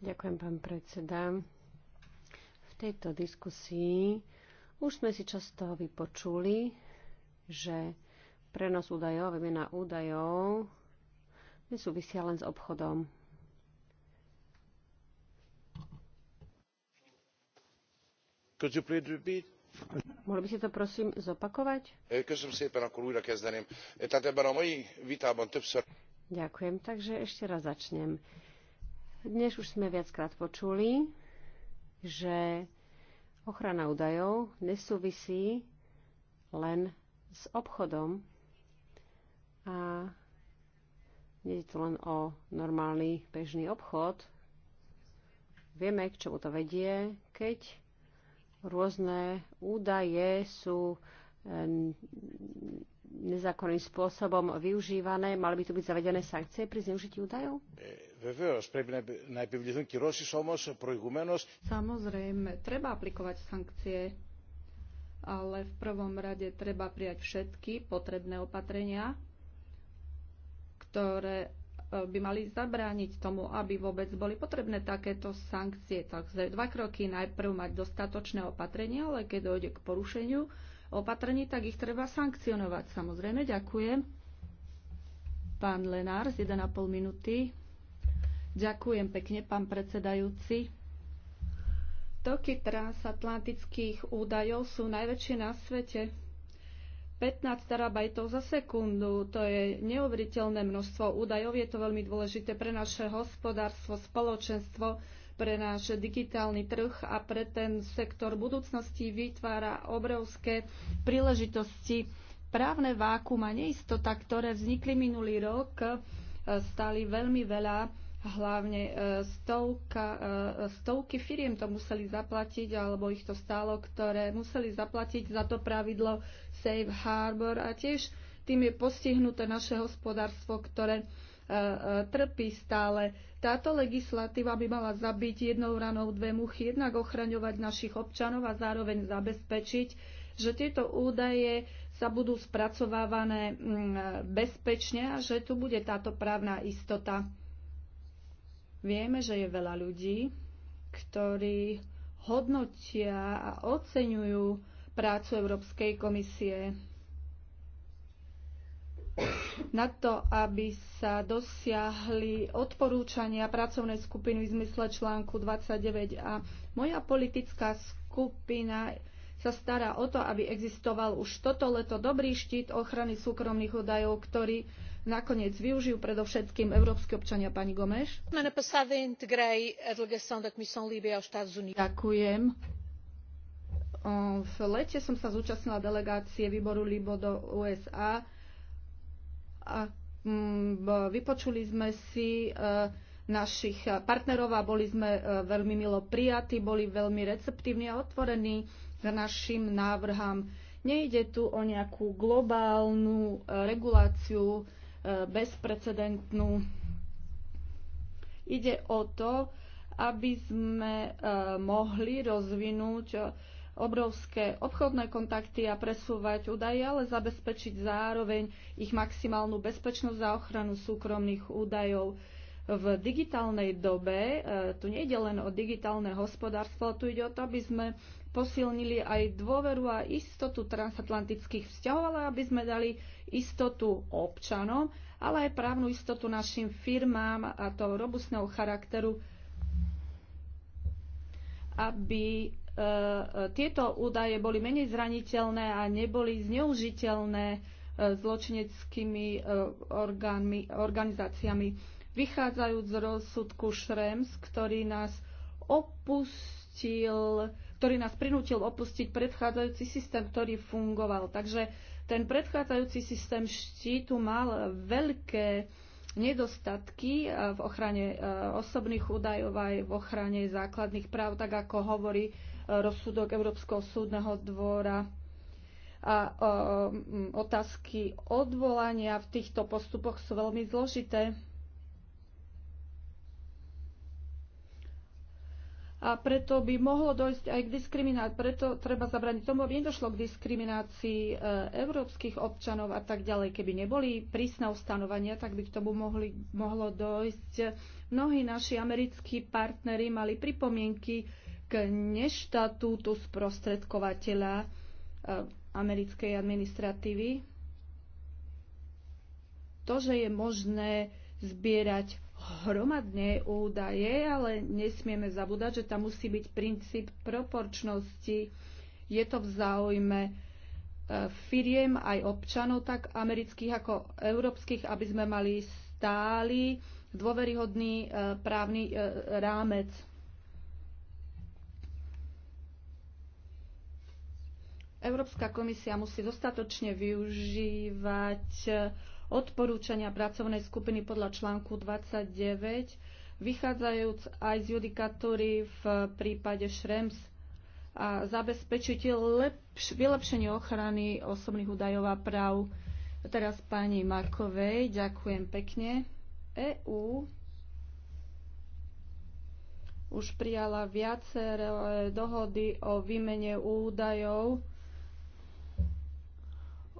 Ďakujem, pán predseda tejto diskusii už sme si často vypočuli, že prenos údajov a výmena údajov nesúvisia len s obchodom. Could you please repeat? Mohli by ste to prosím zopakovať? Ďakujem, takže ešte raz začnem. Dnes už sme viackrát počuli, že ochrana údajov nesúvisí len s obchodom a nie je to len o normálny bežný obchod. Vieme, k čomu to vedie, keď rôzne údaje sú eh, nezákonným spôsobom využívané. Mali by tu byť zavedené sankcie pri zneužití údajov? Eh, Samozrejme, treba aplikovať sankcie, ale v prvom rade treba prijať všetky potrebné opatrenia, ktoré e, by mali zabrániť tomu, aby vôbec boli potrebné takéto sankcie. Takže dva kroky. Najprv mať dostatočné opatrenia, ale keď dojde k porušeniu opatrení, tak ich treba sankcionovať. Samozrejme, ďakujem. Pán Lenár z 1,5 minúty. Ďakujem pekne, pán predsedajúci. Toky transatlantických údajov sú najväčšie na svete. 15 terabajtov za sekundu, to je neuveriteľné množstvo údajov, je to veľmi dôležité pre naše hospodárstvo, spoločenstvo, pre náš digitálny trh a pre ten sektor budúcnosti vytvára obrovské príležitosti. Právne vákum a neistota, ktoré vznikli minulý rok, stali veľmi veľa hlavne e, stovka, e, stovky firiem to museli zaplatiť, alebo ich to stálo, ktoré museli zaplatiť za to pravidlo Safe Harbor a tiež tým je postihnuté naše hospodárstvo, ktoré e, trpí stále. Táto legislatíva by mala zabiť jednou ranou dve muchy, jednak ochraňovať našich občanov a zároveň zabezpečiť, že tieto údaje sa budú spracovávané mm, bezpečne a že tu bude táto právna istota. Vieme, že je veľa ľudí, ktorí hodnotia a oceňujú prácu Európskej komisie na to, aby sa dosiahli odporúčania pracovnej skupiny v zmysle článku 29. A moja politická skupina sa stará o to, aby existoval už toto leto dobrý štít ochrany súkromných údajov, ktorý nakoniec využijú predovšetkým európsky občania. Pani Gomeš. Ďakujem. V lete som sa zúčastnila delegácie výboru LIBO do USA a mm, vypočuli sme si e, našich partnerov a boli sme e, veľmi milo prijatí, boli veľmi receptívni a otvorení k našim návrhám. Nejde tu o nejakú globálnu e, reguláciu bezprecedentnú. Ide o to, aby sme e, mohli rozvinúť e, obrovské obchodné kontakty a presúvať údaje, ale zabezpečiť zároveň ich maximálnu bezpečnosť a ochranu súkromných údajov v digitálnej dobe, e, tu nejde len o digitálne hospodárstvo, tu ide o to, aby sme posilnili aj dôveru a istotu transatlantických vzťahov, ale aby sme dali istotu občanom, ale aj právnu istotu našim firmám a to robustného charakteru, aby e, e, tieto údaje boli menej zraniteľné a neboli zneužiteľné zločineckými orgánmi, organizáciami vychádzajúc z rozsudku Šrems, ktorý nás opustil, ktorý nás prinútil opustiť predchádzajúci systém, ktorý fungoval. Takže ten predchádzajúci systém štítu mal veľké nedostatky e, v ochrane e, osobných údajov aj v ochrane základných práv, tak ako hovorí e, rozsudok Európskeho súdneho dvora a otázky odvolania v týchto postupoch sú veľmi zložité. a preto by mohlo dojsť aj k diskriminácii, preto treba zabraniť tomu, aby nedošlo k diskriminácii e, európskych občanov a tak ďalej. Keby neboli prísne ustanovania, tak by k tomu mohli, mohlo dojsť. Mnohí naši americkí partnery mali pripomienky k neštatútu sprostredkovateľa e, americkej administratívy. To, že je možné zbierať hromadne údaje, ale nesmieme zabúdať, že tam musí byť princíp proporčnosti. Je to v záujme e, firiem aj občanov, tak amerických ako európskych, aby sme mali stály dôveryhodný e, právny e, rámec. Európska komisia musí dostatočne využívať odporúčania pracovnej skupiny podľa článku 29, vychádzajúc aj z judikatúry v prípade Šrems a zabezpečiť lepš- vylepšenie ochrany osobných údajov a práv. Teraz pani Markovej, ďakujem pekne. EU už prijala viaceré dohody o výmene údajov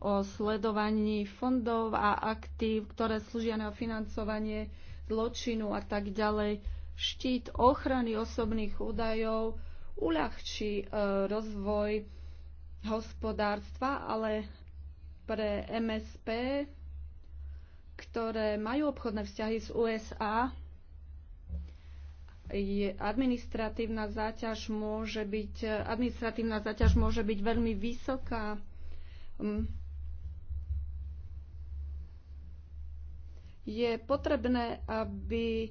o sledovaní fondov a aktív, ktoré slúžia na financovanie zločinu a tak ďalej. Štít ochrany osobných údajov uľahčí e, rozvoj hospodárstva, ale pre MSP, ktoré majú obchodné vzťahy z USA, je administratívna záťaž môže byť, administratívna záťaž môže byť veľmi vysoká. je potrebné, aby e,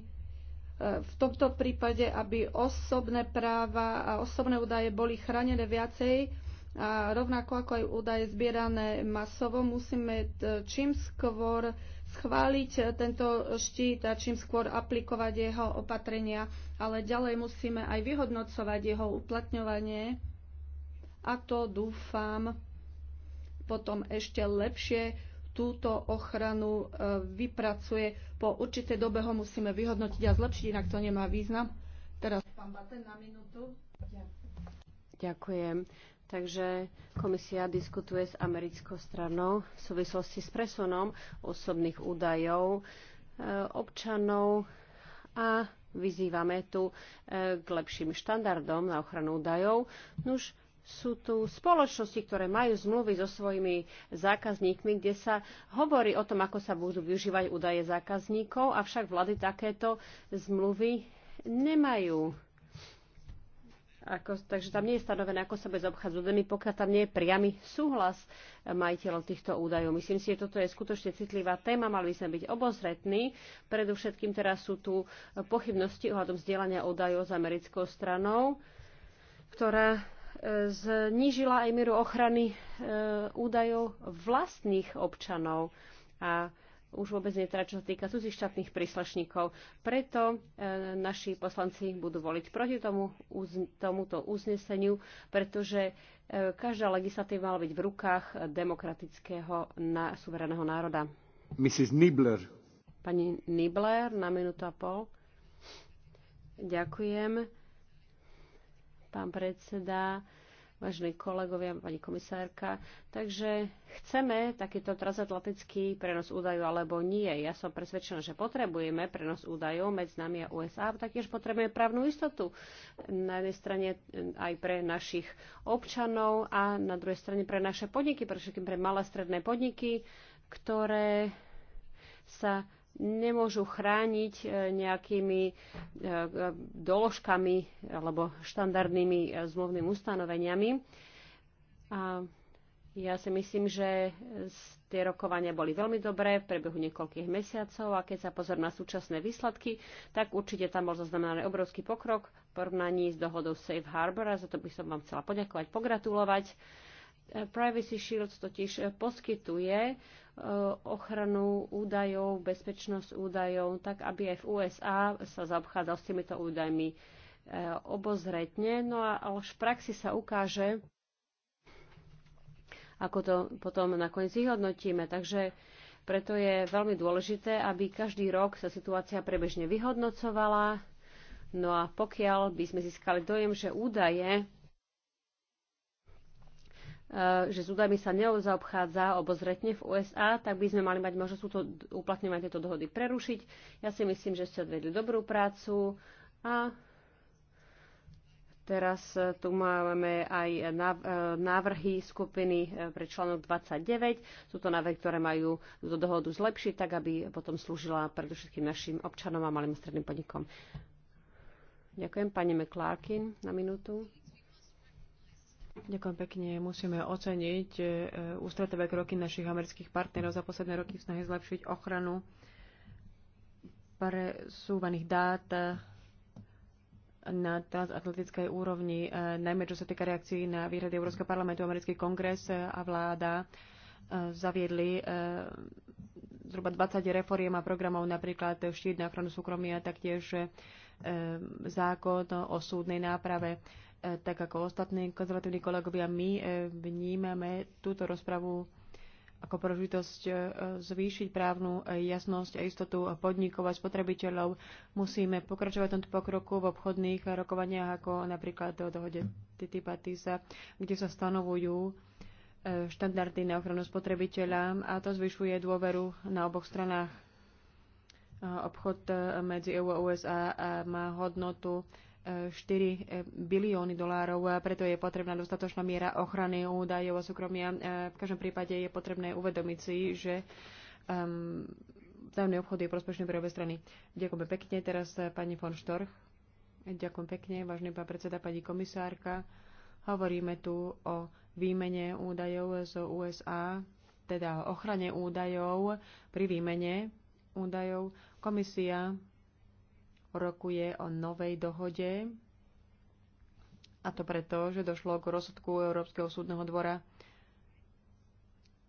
v tomto prípade, aby osobné práva a osobné údaje boli chránené viacej a rovnako ako aj údaje zbierané masovo, musíme e, čím skôr schváliť e, tento štít a čím skôr aplikovať jeho opatrenia, ale ďalej musíme aj vyhodnocovať jeho uplatňovanie a to dúfam potom ešte lepšie túto ochranu e, vypracuje. Po určitej dobe ho musíme vyhodnotiť a zlepšiť, inak to nemá význam. Teraz pán Baten na minútu. Ďakujem. Takže komisia diskutuje s americkou stranou v súvislosti s presunom osobných údajov e, občanov a vyzývame tu e, k lepším štandardom na ochranu údajov. Nuž, sú tu spoločnosti, ktoré majú zmluvy so svojimi zákazníkmi, kde sa hovorí o tom, ako sa budú využívať údaje zákazníkov, avšak vlády takéto zmluvy nemajú. Ako, takže tam nie je stanovené, ako sa bez obchádza s údajmi, pokiaľ tam nie je priamy súhlas majiteľov týchto údajov. Myslím si, že toto je skutočne citlivá téma, mali by sme byť obozretní. Predovšetkým teraz sú tu pochybnosti ohľadom vzdielania údajov s americkou stranou, ktorá znížila aj mieru ochrany e, údajov vlastných občanov a už vôbec nie teda, čo sa týka cudzích štátnych príslušníkov. Preto e, naši poslanci budú voliť proti tomu, uz, tomuto uzneseniu, pretože e, každá legislatíva mala byť v rukách demokratického na, suvereného národa. Mrs. Nibler. Pani Nibler, na minútu a pol. Ďakujem pán predseda, vážení kolegovia, pani komisárka. Takže chceme takýto transatlantický prenos údajov alebo nie. Ja som presvedčená, že potrebujeme prenos údajov medzi nami a USA, a taktiež potrebujeme právnu istotu. Na jednej strane aj pre našich občanov a na druhej strane pre naše podniky, pre všetkým pre malé stredné podniky, ktoré sa nemôžu chrániť e, nejakými e, doložkami alebo štandardnými e, zmluvnými ustanoveniami. A ja si myslím, že tie rokovania boli veľmi dobré v priebehu niekoľkých mesiacov a keď sa pozor na súčasné výsledky, tak určite tam bol zaznamenaný obrovský pokrok v porovnaní s dohodou Safe Harbor a za to by som vám chcela poďakovať, pogratulovať. Privacy Shield totiž poskytuje Eh, ochranu údajov, bezpečnosť údajov, tak aby aj v USA sa zaobchádzal s týmito údajmi eh, obozretne. No a už v praxi sa ukáže, ako to potom nakoniec vyhodnotíme. Takže preto je veľmi dôležité, aby každý rok sa situácia prebežne vyhodnocovala. No a pokiaľ by sme získali dojem, že údaje E, že s údajmi sa neobchádza obozretne v USA, tak by sme mali mať možnosť túto, uplatňovať tieto dohody prerušiť. Ja si myslím, že ste odvedli dobrú prácu a teraz e, tu máme aj e, návrhy skupiny pre článok 29. Sú to návrhy, ktoré majú túto dohodu zlepšiť, tak aby potom slúžila predovšetkým našim občanom a malým stredným podnikom. Ďakujem. Pani McClarkin na minútu. Ďakujem pekne. Musíme oceniť e, ústretové kroky našich amerických partnerov za posledné roky v snahe zlepšiť ochranu presúvaných dát na transatlantickej úrovni, e, najmä čo sa týka reakcií na výhrady Európskeho parlamentu, Americký kongres a vláda e, zaviedli zhruba 20 reforiem a programov, napríklad štít na ochranu súkromia, taktiež zákon o súdnej náprave. E, tak ako ostatní konzervatívni kolegovia, my e, vnímame túto rozpravu ako prožitosť e, zvýšiť právnu jasnosť a istotu podnikov a spotrebiteľov. Musíme pokračovať v tomto pokroku v obchodných rokovaniach, ako napríklad o dohode TTIP a TISA, kde sa stanovujú štandardy na ochranu spotrebiteľa a to zvyšuje dôveru na oboch stranách. Obchod medzi EU a USA má hodnotu 4 bilióny dolárov, preto je potrebná dostatočná miera ochrany údajov a súkromia. V každom prípade je potrebné uvedomiť si, že um, vzájomný obchod je prospešný pre obe strany. Ďakujem pekne. Teraz eh, pani von Štorch. Ďakujem pekne, vážny pán predseda, pani komisárka. Hovoríme tu o výmene údajov z USA, teda o ochrane údajov pri výmene údajov. Komisia rokuje o novej dohode, a to preto, že došlo k rozsudku Európskeho súdneho dvora,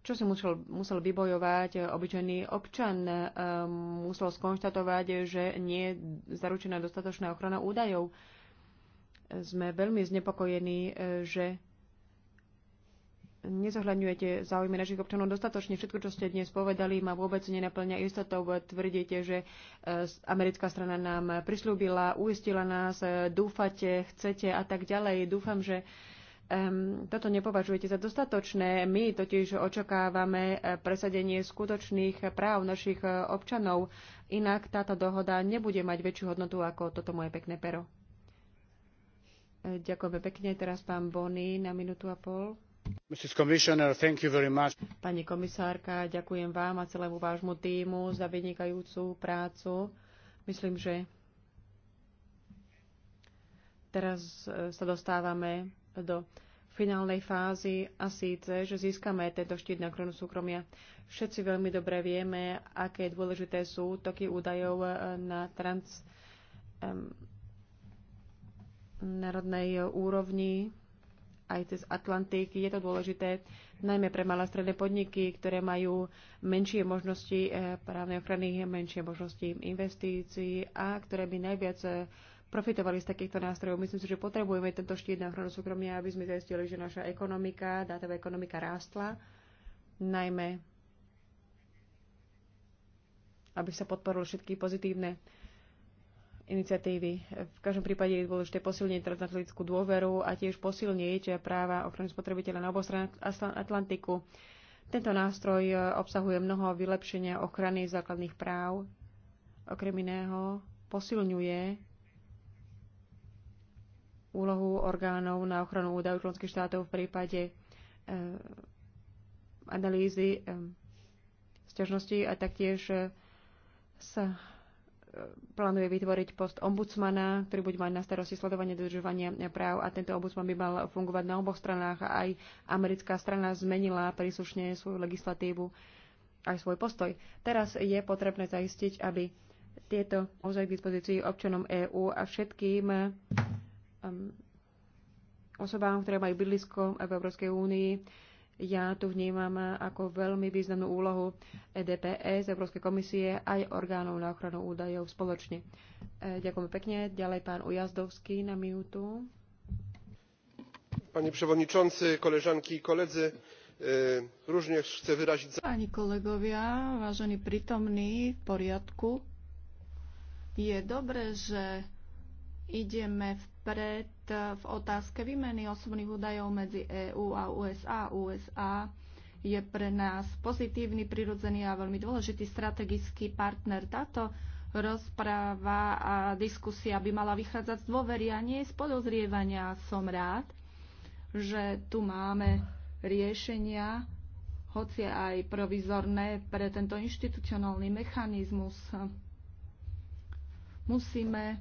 čo si musel, musel vybojovať obyčajný občan. Um, musel skonštatovať, že nie je zaručená dostatočná ochrana údajov. E, sme veľmi znepokojení, e, že nezohľadňujete záujmy našich občanov dostatočne. Všetko, čo ste dnes povedali, ma vôbec nenaplňa istotou. Tvrdíte, že e, americká strana nám prislúbila, uistila nás, e, dúfate, chcete a tak ďalej. Dúfam, že toto nepovažujete za dostatočné. My totiž očakávame e, presadenie skutočných práv našich občanov, inak táto dohoda nebude mať väčšiu hodnotu ako toto moje pekné pero. Ďakujeme pekne. Teraz pán Bony na minútu a pol. Pani komisárka, ďakujem vám a celému vášmu tímu za vynikajúcu prácu. Myslím, že teraz eh, sa dostávame do finálnej fázy a síce, že získame tento štít na ochranu súkromia. Všetci veľmi dobre vieme, aké dôležité sú toky údajov eh, na transnárodnej um, úrovni aj cez Atlantik. Je to dôležité najmä pre malé stredné podniky, ktoré majú menšie možnosti eh, právnej ochrany, menšie možnosti investícií a ktoré by najviac eh, profitovali z takýchto nástrojov. Myslím si, že potrebujeme tento štít na ochranu súkromia, aby sme zaistili, že naša ekonomika, dátová ekonomika rástla, najmä aby sa podporilo všetky pozitívne iniciatívy. V každom prípade je dôležité posilniť transatlantickú dôveru a tiež posilniť práva ochrany spotrebiteľa na oboch stranách Atlantiku. Tento nástroj e, obsahuje mnoho vylepšenia ochrany základných práv. Okrem iného posilňuje úlohu orgánov na ochranu údajov členských štátov v prípade e, analýzy e, sťažnosti a taktiež sa plánuje vytvoriť post ombudsmana, ktorý bude mať na starosti sledovanie dodržovania práv a tento ombudsman by mal fungovať na oboch stranách. a Aj americká strana zmenila príslušne svoju legislatívu aj svoj postoj. Teraz je potrebné zaistiť, aby tieto ozaj k dispozícii občanom EÚ a všetkým um, osobám, ktoré majú bydlisko v Európskej únii, ja tu vnímam ako veľmi významnú úlohu EDPS, Európskej komisie, aj orgánov na ochranu údajov spoločne. E, ďakujem pekne. Ďalej pán Ujazdovský na minútu. Panie przewodniczący, koleżanki i koledzy, e, również chcę wyrazić... Pani kolegovia, vážení prítomní, v poriadku. Je dobre, že ideme vpred E, v otázke výmeny osobných údajov medzi EÚ a USA. USA je pre nás pozitívny, prirodzený a veľmi dôležitý strategický partner. Táto rozpráva a diskusia by mala vychádzať z dôvery a nie z podozrievania. Som rád, že tu máme riešenia, hoci aj provizorné, pre tento inštitucionálny mechanizmus. Musíme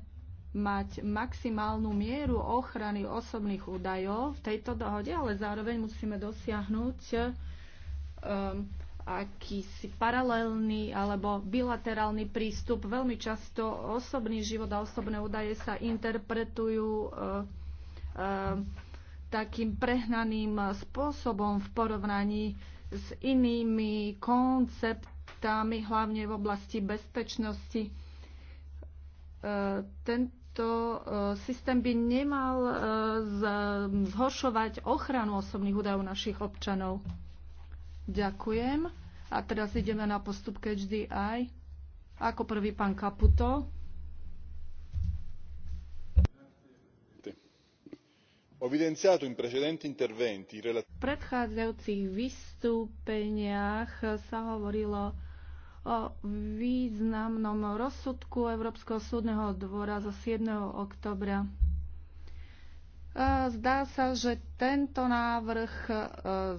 mať maximálnu mieru ochrany osobných údajov v tejto dohode, ale zároveň musíme dosiahnuť um, akýsi paralelný alebo bilaterálny prístup. Veľmi často osobný život a osobné údaje sa interpretujú uh, uh, takým prehnaným spôsobom v porovnaní s inými konceptami, hlavne v oblasti bezpečnosti. Eh, Ten, preto e, systém by nemal e, zhoršovať ochranu osobných údajov našich občanov. Ďakujem. A teraz ideme na postup HDI. Ako prvý pán Kaputo. V predchádzajúcich vystúpeniach sa hovorilo o o významnom rozsudku Európskeho súdneho dvora zo 7. oktobra. E, zdá sa, že tento návrh e,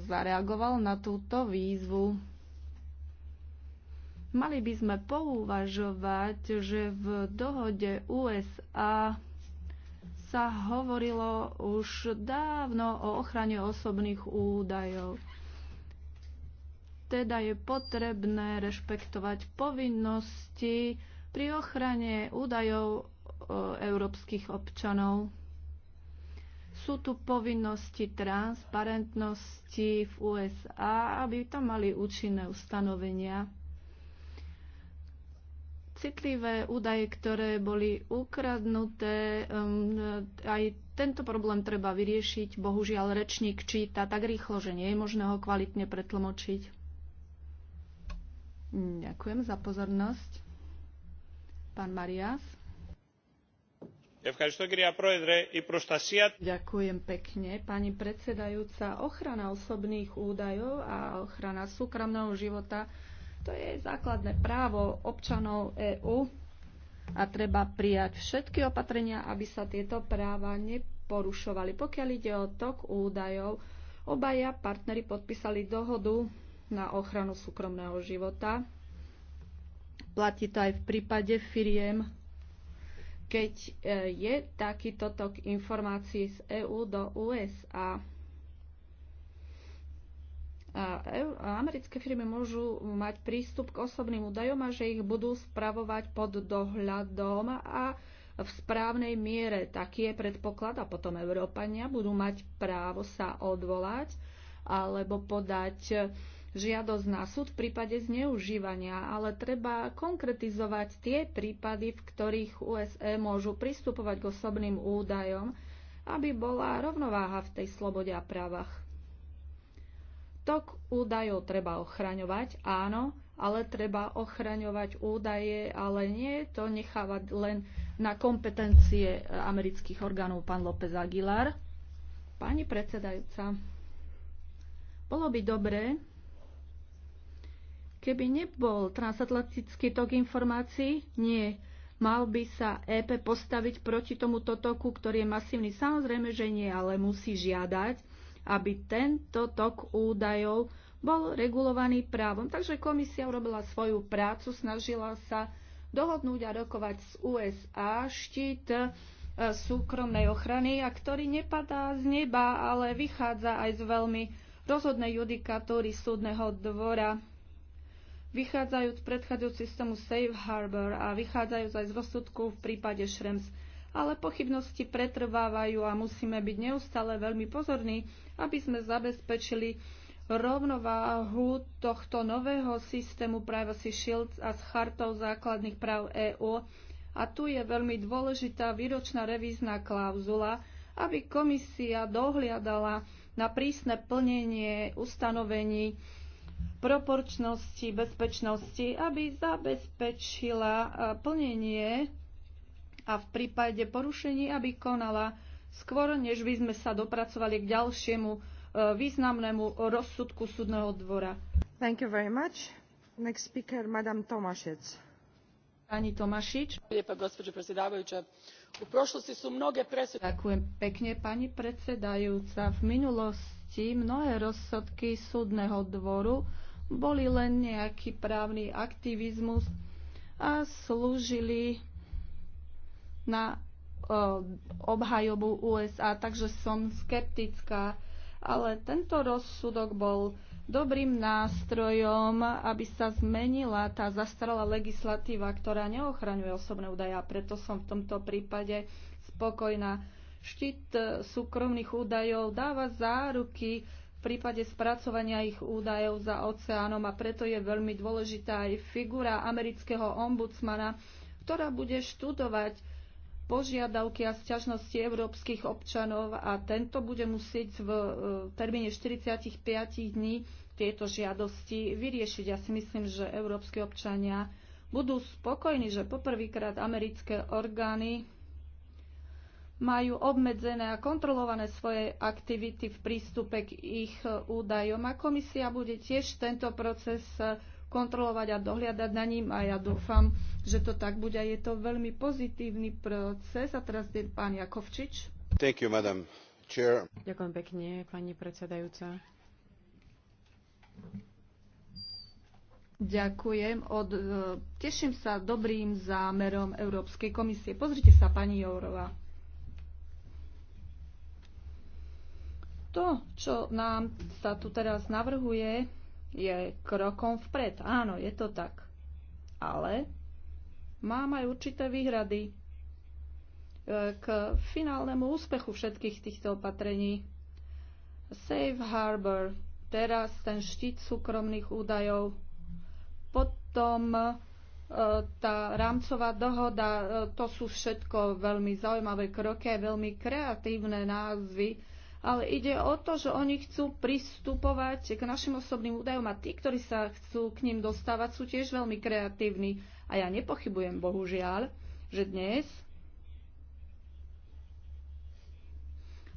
zareagoval na túto výzvu. Mali by sme pouvažovať, že v dohode USA sa hovorilo už dávno o ochrane osobných údajov teda je potrebné rešpektovať povinnosti pri ochrane údajov e, európskych občanov. Sú tu povinnosti transparentnosti v USA, aby tam mali účinné ustanovenia. Citlivé údaje, ktoré boli ukradnuté, aj tento problém treba vyriešiť. Bohužiaľ, rečník číta tak rýchlo, že nie je možné ho kvalitne pretlmočiť. Ďakujem za pozornosť. Pán Marias. Ďakujem pekne, pani predsedajúca. Ochrana osobných údajov a ochrana súkromného života to je základné právo občanov EÚ a treba prijať všetky opatrenia, aby sa tieto práva neporušovali. Pokiaľ ide o tok údajov, obaja partnery podpísali dohodu na ochranu súkromného života. Platí to aj v prípade firiem, keď e, je takýto tok informácií z EÚ do USA. E a americké firmy môžu mať prístup k osobným údajom a že ich budú spravovať pod dohľadom a v správnej miere. Taký je predpoklad a potom Európania budú mať právo sa odvolať alebo podať žiadosť na súd v prípade zneužívania, ale treba konkretizovať tie prípady, v ktorých USE môžu pristupovať k osobným údajom, aby bola rovnováha v tej slobode a právach. Tok údajov treba ochraňovať, áno, ale treba ochraňovať údaje, ale nie to nechávať len na kompetencie amerických orgánov pán López Aguilar. Pani predsedajúca, bolo by dobré, Keby nebol transatlantický tok informácií, nie. Mal by sa EP postaviť proti tomuto toku, ktorý je masívny? Samozrejme, že nie, ale musí žiadať, aby tento tok údajov bol regulovaný právom. Takže komisia urobila svoju prácu, snažila sa dohodnúť a rokovať z USA štít e, súkromnej ochrany a ktorý nepadá z neba, ale vychádza aj z veľmi rozhodnej judikatúry súdneho dvora vychádzajúc z systému Safe Harbor a vychádzajúc aj z rozsudku v prípade Schrems. Ale pochybnosti pretrvávajú a musíme byť neustále veľmi pozorní, aby sme zabezpečili rovnováhu tohto nového systému Privacy Shield a s chartou základných práv EÚ. A tu je veľmi dôležitá výročná revízna klauzula, aby komisia dohliadala na prísne plnenie ustanovení proporčnosti, bezpečnosti, aby zabezpečila eh, plnenie a v prípade porušení, aby konala skôr, než by sme sa dopracovali k ďalšiemu eh, významnému rozsudku súdneho dvora. Thank you very much. Next speaker, Madam Tomášec. Pani Tomášič. Lijepa, gospođo predsjedavajuća. U prošlosti su mnoge presude... Ďakujem pekne, pani predsedajúca. V minulosti minulosti mnohé rozsudky súdneho dvoru boli len nejaký právny aktivizmus a slúžili na obhajobu USA, takže som skeptická. Ale tento rozsudok bol dobrým nástrojom, aby sa zmenila tá zastaralá legislatíva, ktorá neochraňuje osobné údaje a preto som v tomto prípade spokojná. Štít e, súkromných údajov dáva záruky v prípade spracovania ich údajov za oceánom a preto je veľmi dôležitá aj figura amerického ombudsmana, ktorá bude študovať požiadavky a sťažnosti európskych občanov a tento bude musieť v e, termíne 45 dní tieto žiadosti vyriešiť. Ja si myslím, že európsky občania budú spokojní, že poprvýkrát americké orgány majú obmedzené a kontrolované svoje aktivity v prístupe k ich e, údajom a komisia bude tiež tento proces e, kontrolovať a dohliadať na ním a ja dúfam, že to tak bude a je to veľmi pozitívny proces. A teraz je pán Jakovčič. Thank you, madam chair. Ďakujem pekne, pani predsedajúca. Ďakujem. Od, e, teším sa dobrým zámerom Európskej komisie. Pozrite sa, pani Jourová. To, čo nám sa tu teraz navrhuje, je krokom vpred. Áno, je to tak. Ale mám aj určité výhrady e, k finálnemu úspechu všetkých týchto opatrení. Safe Harbor, teraz ten štít súkromných údajov, potom e, tá rámcová dohoda, e, to sú všetko veľmi zaujímavé kroky, veľmi kreatívne názvy, ale ide o to, že oni chcú pristupovať k našim osobným údajom a tí, ktorí sa chcú k ním dostávať, sú tiež veľmi kreatívni. A ja nepochybujem, bohužiaľ, že dnes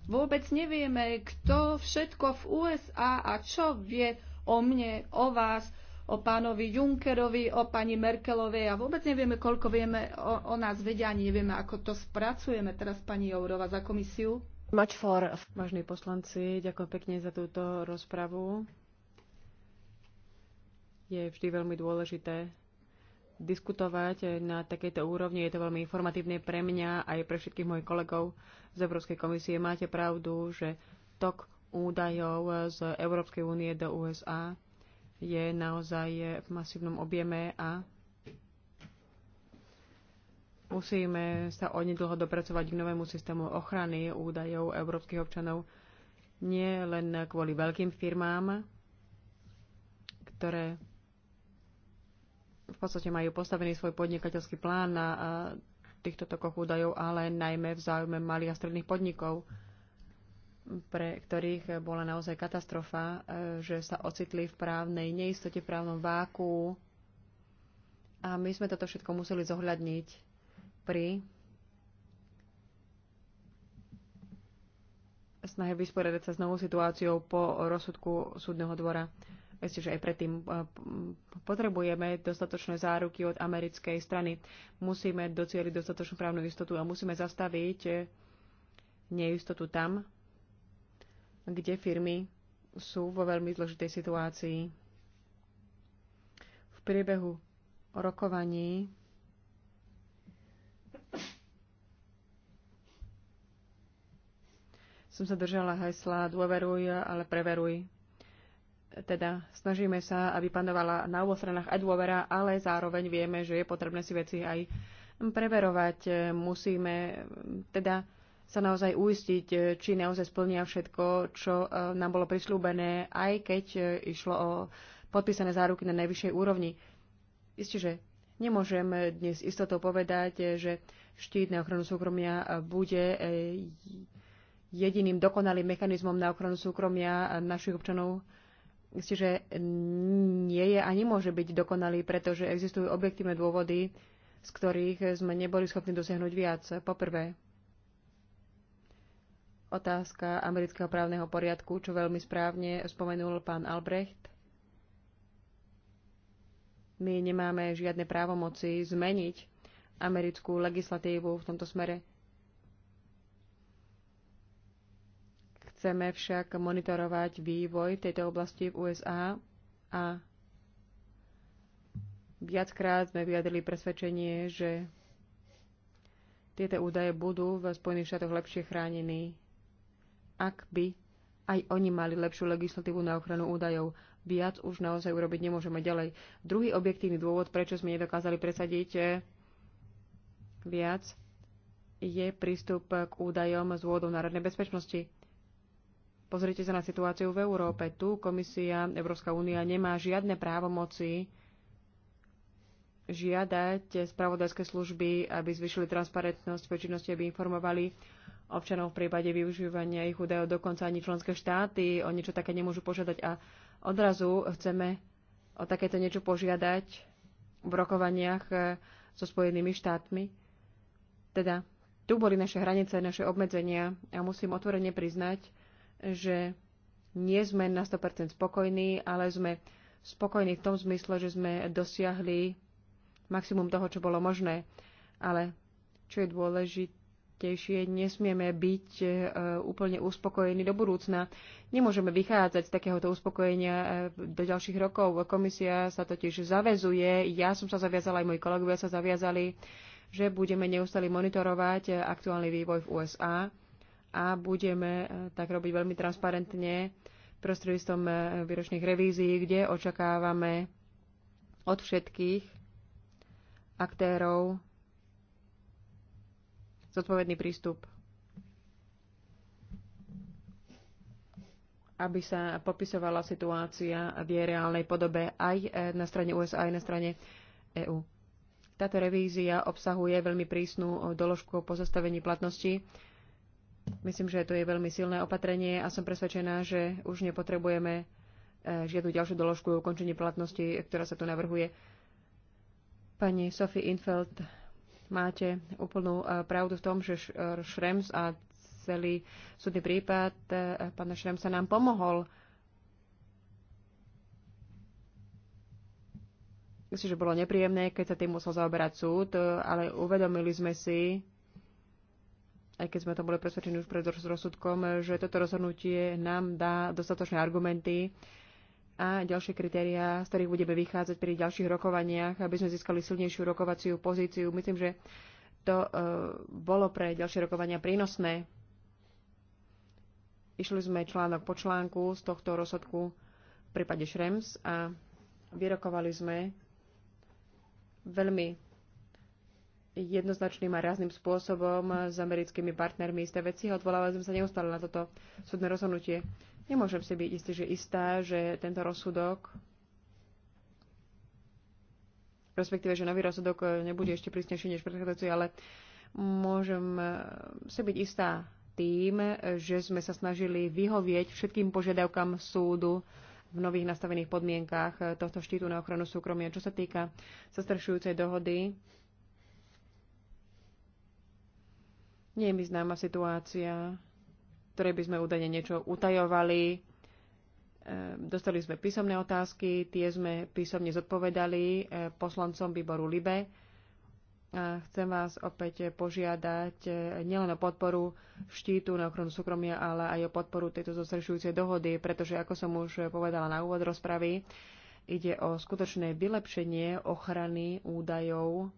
vôbec nevieme, kto všetko v USA a čo vie o mne, o vás, o pánovi Junckerovi, o pani Merkelovej a vôbec nevieme, koľko vieme o, o nás vedia, ani nevieme, ako to spracujeme teraz pani Jourova za komisiu. For... Vážení poslanci, ďakujem pekne za túto rozpravu. Je vždy veľmi dôležité diskutovať na takejto úrovni. Je to veľmi informatívne pre mňa aj pre všetkých mojich kolegov z Európskej komisie. Máte pravdu, že tok údajov z Európskej únie do USA je naozaj v masívnom objeme a Musíme sa onedlho dopracovať k novému systému ochrany údajov európskych občanov nie len kvôli veľkým firmám, ktoré v podstate majú postavený svoj podnikateľský plán na týchto tokoch údajov, ale najmä v záujme malých a stredných podnikov, pre ktorých bola naozaj katastrofa, e, že sa ocitli v právnej neistote, v právnom váku. A my sme toto všetko museli zohľadniť pri snahe vysporiadať sa s novou situáciou po rozsudku súdneho dvora. Viete, že aj predtým eh, potrebujeme dostatočné záruky od americkej strany. Musíme docieliť dostatočnú právnu istotu a musíme zastaviť eh, neistotu tam, kde firmy sú vo veľmi zložitej situácii. V priebehu rokovaní som sa držala hesla dôveruj, ale preveruj. Teda snažíme sa, aby panovala na oboch stranách aj dôvera, ale zároveň vieme, že je potrebné si veci aj preverovať. Musíme teda sa naozaj uistiť, či naozaj splnia všetko, čo e, nám bolo prislúbené, aj keď e, išlo o podpísané záruky na najvyššej úrovni. Isté, že nemôžem dnes istotou povedať, e, že štít na ochranu súkromia bude jediným dokonalým mechanizmom na ochranu súkromia našich občanov že nie je a nemôže byť dokonalý, pretože existujú objektívne dôvody, z ktorých sme neboli schopní dosiahnuť viac. Poprvé, otázka amerického právneho poriadku, čo veľmi správne spomenul pán Albrecht. My nemáme žiadne právomoci zmeniť americkú legislatívu v tomto smere. Chceme však monitorovať vývoj tejto oblasti v USA a viackrát sme vyjadrili presvedčenie, že tieto údaje budú v Spojených štátoch lepšie chránení, ak by aj oni mali lepšiu legislatívu na ochranu údajov. Viac už naozaj urobiť nemôžeme ďalej. Druhý objektívny dôvod, prečo sme nedokázali presadiť eh, viac, je prístup k údajom z dôvodov národnej bezpečnosti. Pozrite sa na situáciu v Európe. Tu komisia, Európska únia nemá žiadne právomoci žiadať spravodajské služby, aby zvyšili transparentnosť v činnosti, aby informovali občanov v prípade využívania ich údajov, dokonca ani členské štáty o niečo také nemôžu požiadať a odrazu chceme o takéto niečo požiadať v rokovaniach eh, so Spojenými štátmi. Teda tu boli naše hranice, naše obmedzenia a musím otvorene priznať, že nie sme na 100% spokojní, ale sme spokojní v tom zmysle, že sme dosiahli maximum toho, čo bolo možné. Ale čo je dôležitejšie, nesmieme byť e, úplne uspokojení do budúcna. Nemôžeme vychádzať z takéhoto uspokojenia e, do ďalších rokov. Komisia sa totiž zavezuje, ja som sa zaviazala, aj moji kolegovia sa zaviazali, že budeme neustále monitorovať e, aktuálny vývoj v USA a budeme eh, tak robiť veľmi transparentne prostredníctvom eh, výročných revízií, kde očakávame od všetkých aktérov zodpovedný prístup, aby sa popisovala situácia v jej reálnej podobe aj eh, na strane USA, aj na strane EÚ. Táto revízia obsahuje veľmi prísnu doložku o pozastavení platnosti Myslím, že to je veľmi silné opatrenie a som presvedčená, že už nepotrebujeme e, žiadnu ďalšiu doložku o ukončení platnosti, ktorá sa tu navrhuje. Pani Sophie Infeld, máte úplnú e, pravdu v tom, že e, Šrems a celý súdny prípad pána Šremsa nám pomohol. Myslím, že bolo nepríjemné, keď sa tým musel zaoberať súd, ale uvedomili sme si, aj keď sme to boli presvedčení už pred rozsudkom, že toto rozhodnutie nám dá dostatočné argumenty a ďalšie kritériá, z ktorých budeme vychádzať pri ďalších rokovaniach, aby sme získali silnejšiu rokovaciu pozíciu. Myslím, že to e, bolo pre ďalšie rokovania prínosné. Išli sme článok po článku z tohto rozsudku v prípade Šrems a vyrokovali sme veľmi jednoznačným a rázným spôsobom s americkými partnermi isté veci. Odvolávali sme sa neustále na toto súdne rozhodnutie. Nemôžem si byť istý, že istá, že tento rozsudok respektíve, že nový rozsudok nebude ešte prísnejší než predchádzajúci, ale môžem eh, si byť istá tým, že sme sa snažili vyhovieť všetkým požiadavkám súdu v nových nastavených podmienkách eh, tohto štítu na ochranu súkromia. Čo sa týka zastrašujúcej dohody, Nie je mi známa situácia, ktorej by sme údajne niečo utajovali. E, dostali sme písomné otázky, tie sme písomne zodpovedali e, poslancom výboru LIBE. A chcem vás opäť požiadať e, nielen o podporu štítu na ochranu súkromia, ale aj o podporu tejto zostrešujúcej dohody, pretože, ako som už povedala na úvod rozpravy, ide o skutočné vylepšenie ochrany údajov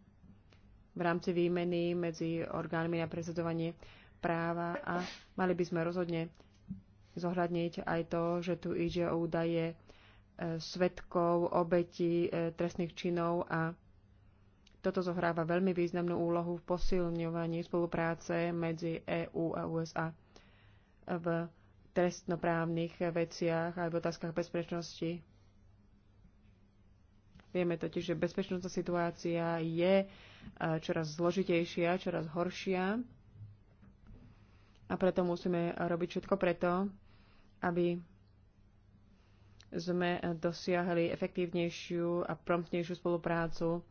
v rámci výmeny medzi orgánmi na presadzovanie práva a mali by sme rozhodne zohľadniť aj to, že tu ide o údaje e, svetkov, obetí e, trestných činov a toto zohráva veľmi významnú úlohu v posilňovaní spolupráce medzi EÚ a USA v trestnoprávnych veciach aj v otázkach bezpečnosti. Vieme totiž, že bezpečnostná situácia je čoraz zložitejšia, čoraz horšia. A preto musíme robiť všetko preto, aby sme dosiahli efektívnejšiu a promptnejšiu spoluprácu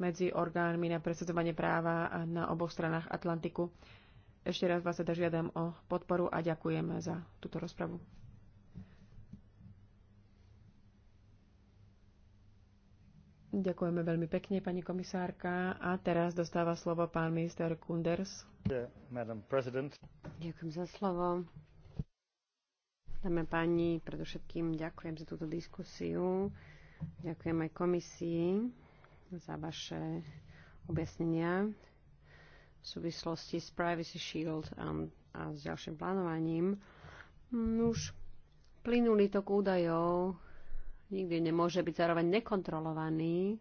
medzi orgánmi na presadzovanie práva na oboch stranách Atlantiku. Ešte raz vás teda žiadam o podporu a ďakujem za túto rozpravu. Ďakujeme veľmi pekne, pani komisárka. A teraz dostáva slovo pán minister Kunders. Ďakujem za slovo. Dáme pani, predovšetkým ďakujem za túto diskusiu. Ďakujem aj komisii za vaše objasnenia v súvislosti s Privacy Shield a, a s ďalším plánovaním. Už plynuli tok údajov nikdy nemôže byť zároveň nekontrolovaný,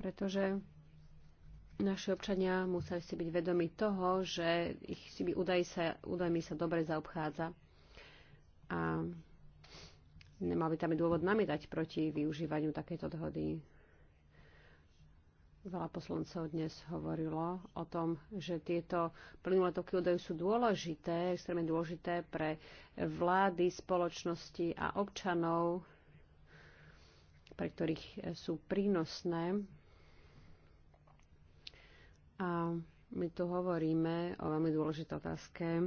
pretože naši občania museli si byť vedomi toho, že ich si by údaj sa, údajmi sa dobre zaobchádza. A nemal by tam byť dôvod namietať proti využívaniu takéto dohody. Veľa poslancov dnes hovorilo o tom, že tieto plynulé toky údajú sú dôležité, extrémne dôležité pre vlády, spoločnosti a občanov, pre ktorých sú prínosné. A my tu hovoríme o veľmi dôležité otázke,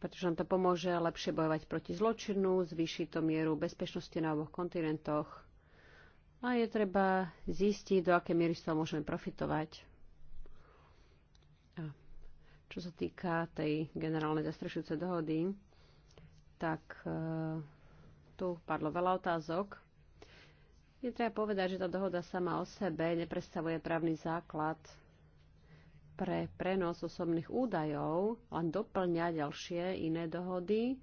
pretože nám to pomôže lepšie bojovať proti zločinu, zvýšiť to mieru bezpečnosti na oboch kontinentoch a je treba zistiť, do aké miery z toho môžeme profitovať. A čo sa týka tej generálnej zastrešujúcej dohody, tak e, tu padlo veľa otázok. Je treba povedať, že tá dohoda sama o sebe nepredstavuje právny základ pre prenos osobných údajov, len doplňa ďalšie iné dohody,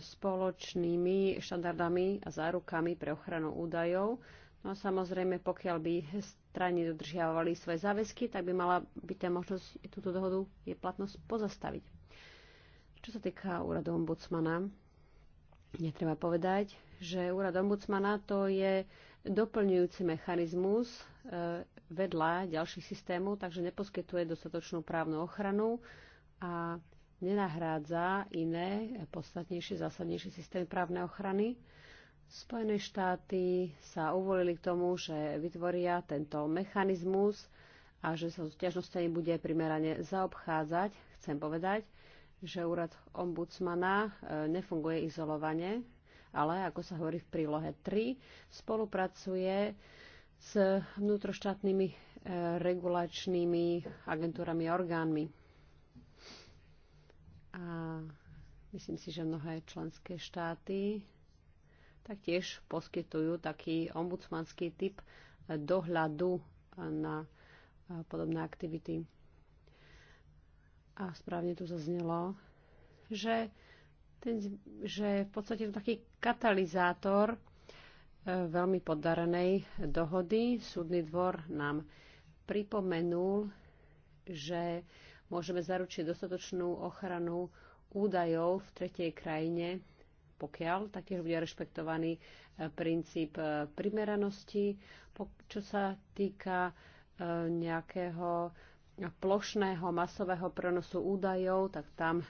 spoločnými štandardami a zárukami pre ochranu údajov. No a samozrejme, pokiaľ by strany dodržiavali svoje záväzky, tak by mala byť tá možnosť túto dohodu, je platnosť pozastaviť. Čo sa týka úradu ombudsmana, netreba povedať, že úrad ombudsmana to je doplňujúci mechanizmus e, vedľa ďalších systémov, takže neposkytuje dostatočnú právnu ochranu a nenahrádza iné podstatnejšie, zásadnejšie systémy právnej ochrany. Spojené štáty sa uvolili k tomu, že vytvoria tento mechanizmus a že sa so ťažnosťami bude primerane zaobchádzať. Chcem povedať, že úrad ombudsmana e, nefunguje izolovane, ale, ako sa hovorí v prílohe 3, spolupracuje s vnútroštátnymi e, regulačnými agentúrami a orgánmi. A myslím si, že mnohé členské štáty taktiež poskytujú taký ombudsmanský typ dohľadu na e, podobné aktivity. A správne tu zaznelo, že, ten, že v podstate je taký katalizátor e, veľmi podarenej dohody. Súdny dvor nám pripomenul, že môžeme zaručiť dostatočnú ochranu údajov v tretej krajine, pokiaľ taktiež bude rešpektovaný e, princíp e, primeranosti, čo sa týka e, nejakého plošného masového prenosu údajov, tak tam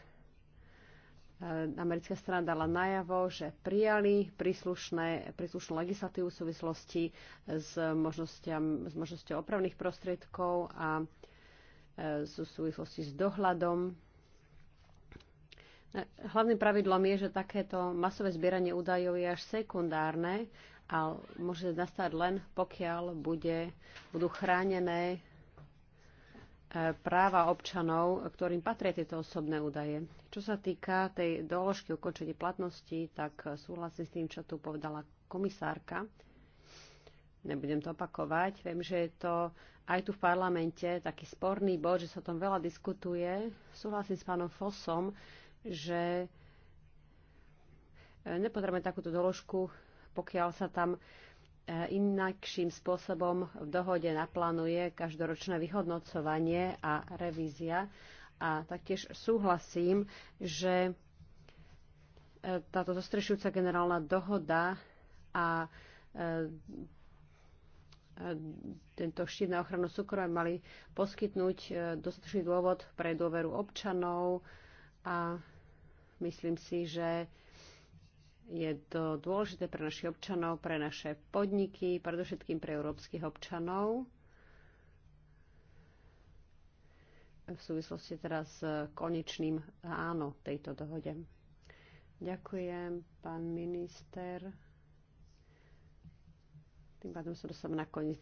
americká strana dala najavo, že prijali príslušné, príslušnú legislatívu v súvislosti s, možnosťou opravných prostriedkov a sú e, súvislosti s dohľadom. E, hlavným pravidlom je, že takéto masové zbieranie údajov je až sekundárne a môže nastať len pokiaľ bude, budú chránené e, práva občanov, ktorým patria tieto osobné údaje. Čo sa týka tej doložky ukončenia platnosti, tak súhlasím s tým, čo tu povedala komisárka. Nebudem to opakovať. Viem, že je to aj tu v parlamente taký sporný bod, že sa o tom veľa diskutuje. Súhlasím s pánom Fosom, že e, nepotrebujeme takúto doložku, pokiaľ sa tam e, inakším spôsobom v dohode naplánuje každoročné vyhodnocovanie a revízia. A taktiež súhlasím, že e, táto zostrešujúca generálna dohoda a tento štít na ochranu súkromia mali poskytnúť e, dostatočný dôvod pre dôveru občanov a myslím si, že je to dôležité pre našich občanov, pre naše podniky, predovšetkým pre európskych občanov. V súvislosti teraz s konečným áno tejto dohode. Ďakujem, pán minister. Tým pádom som, som nakoniec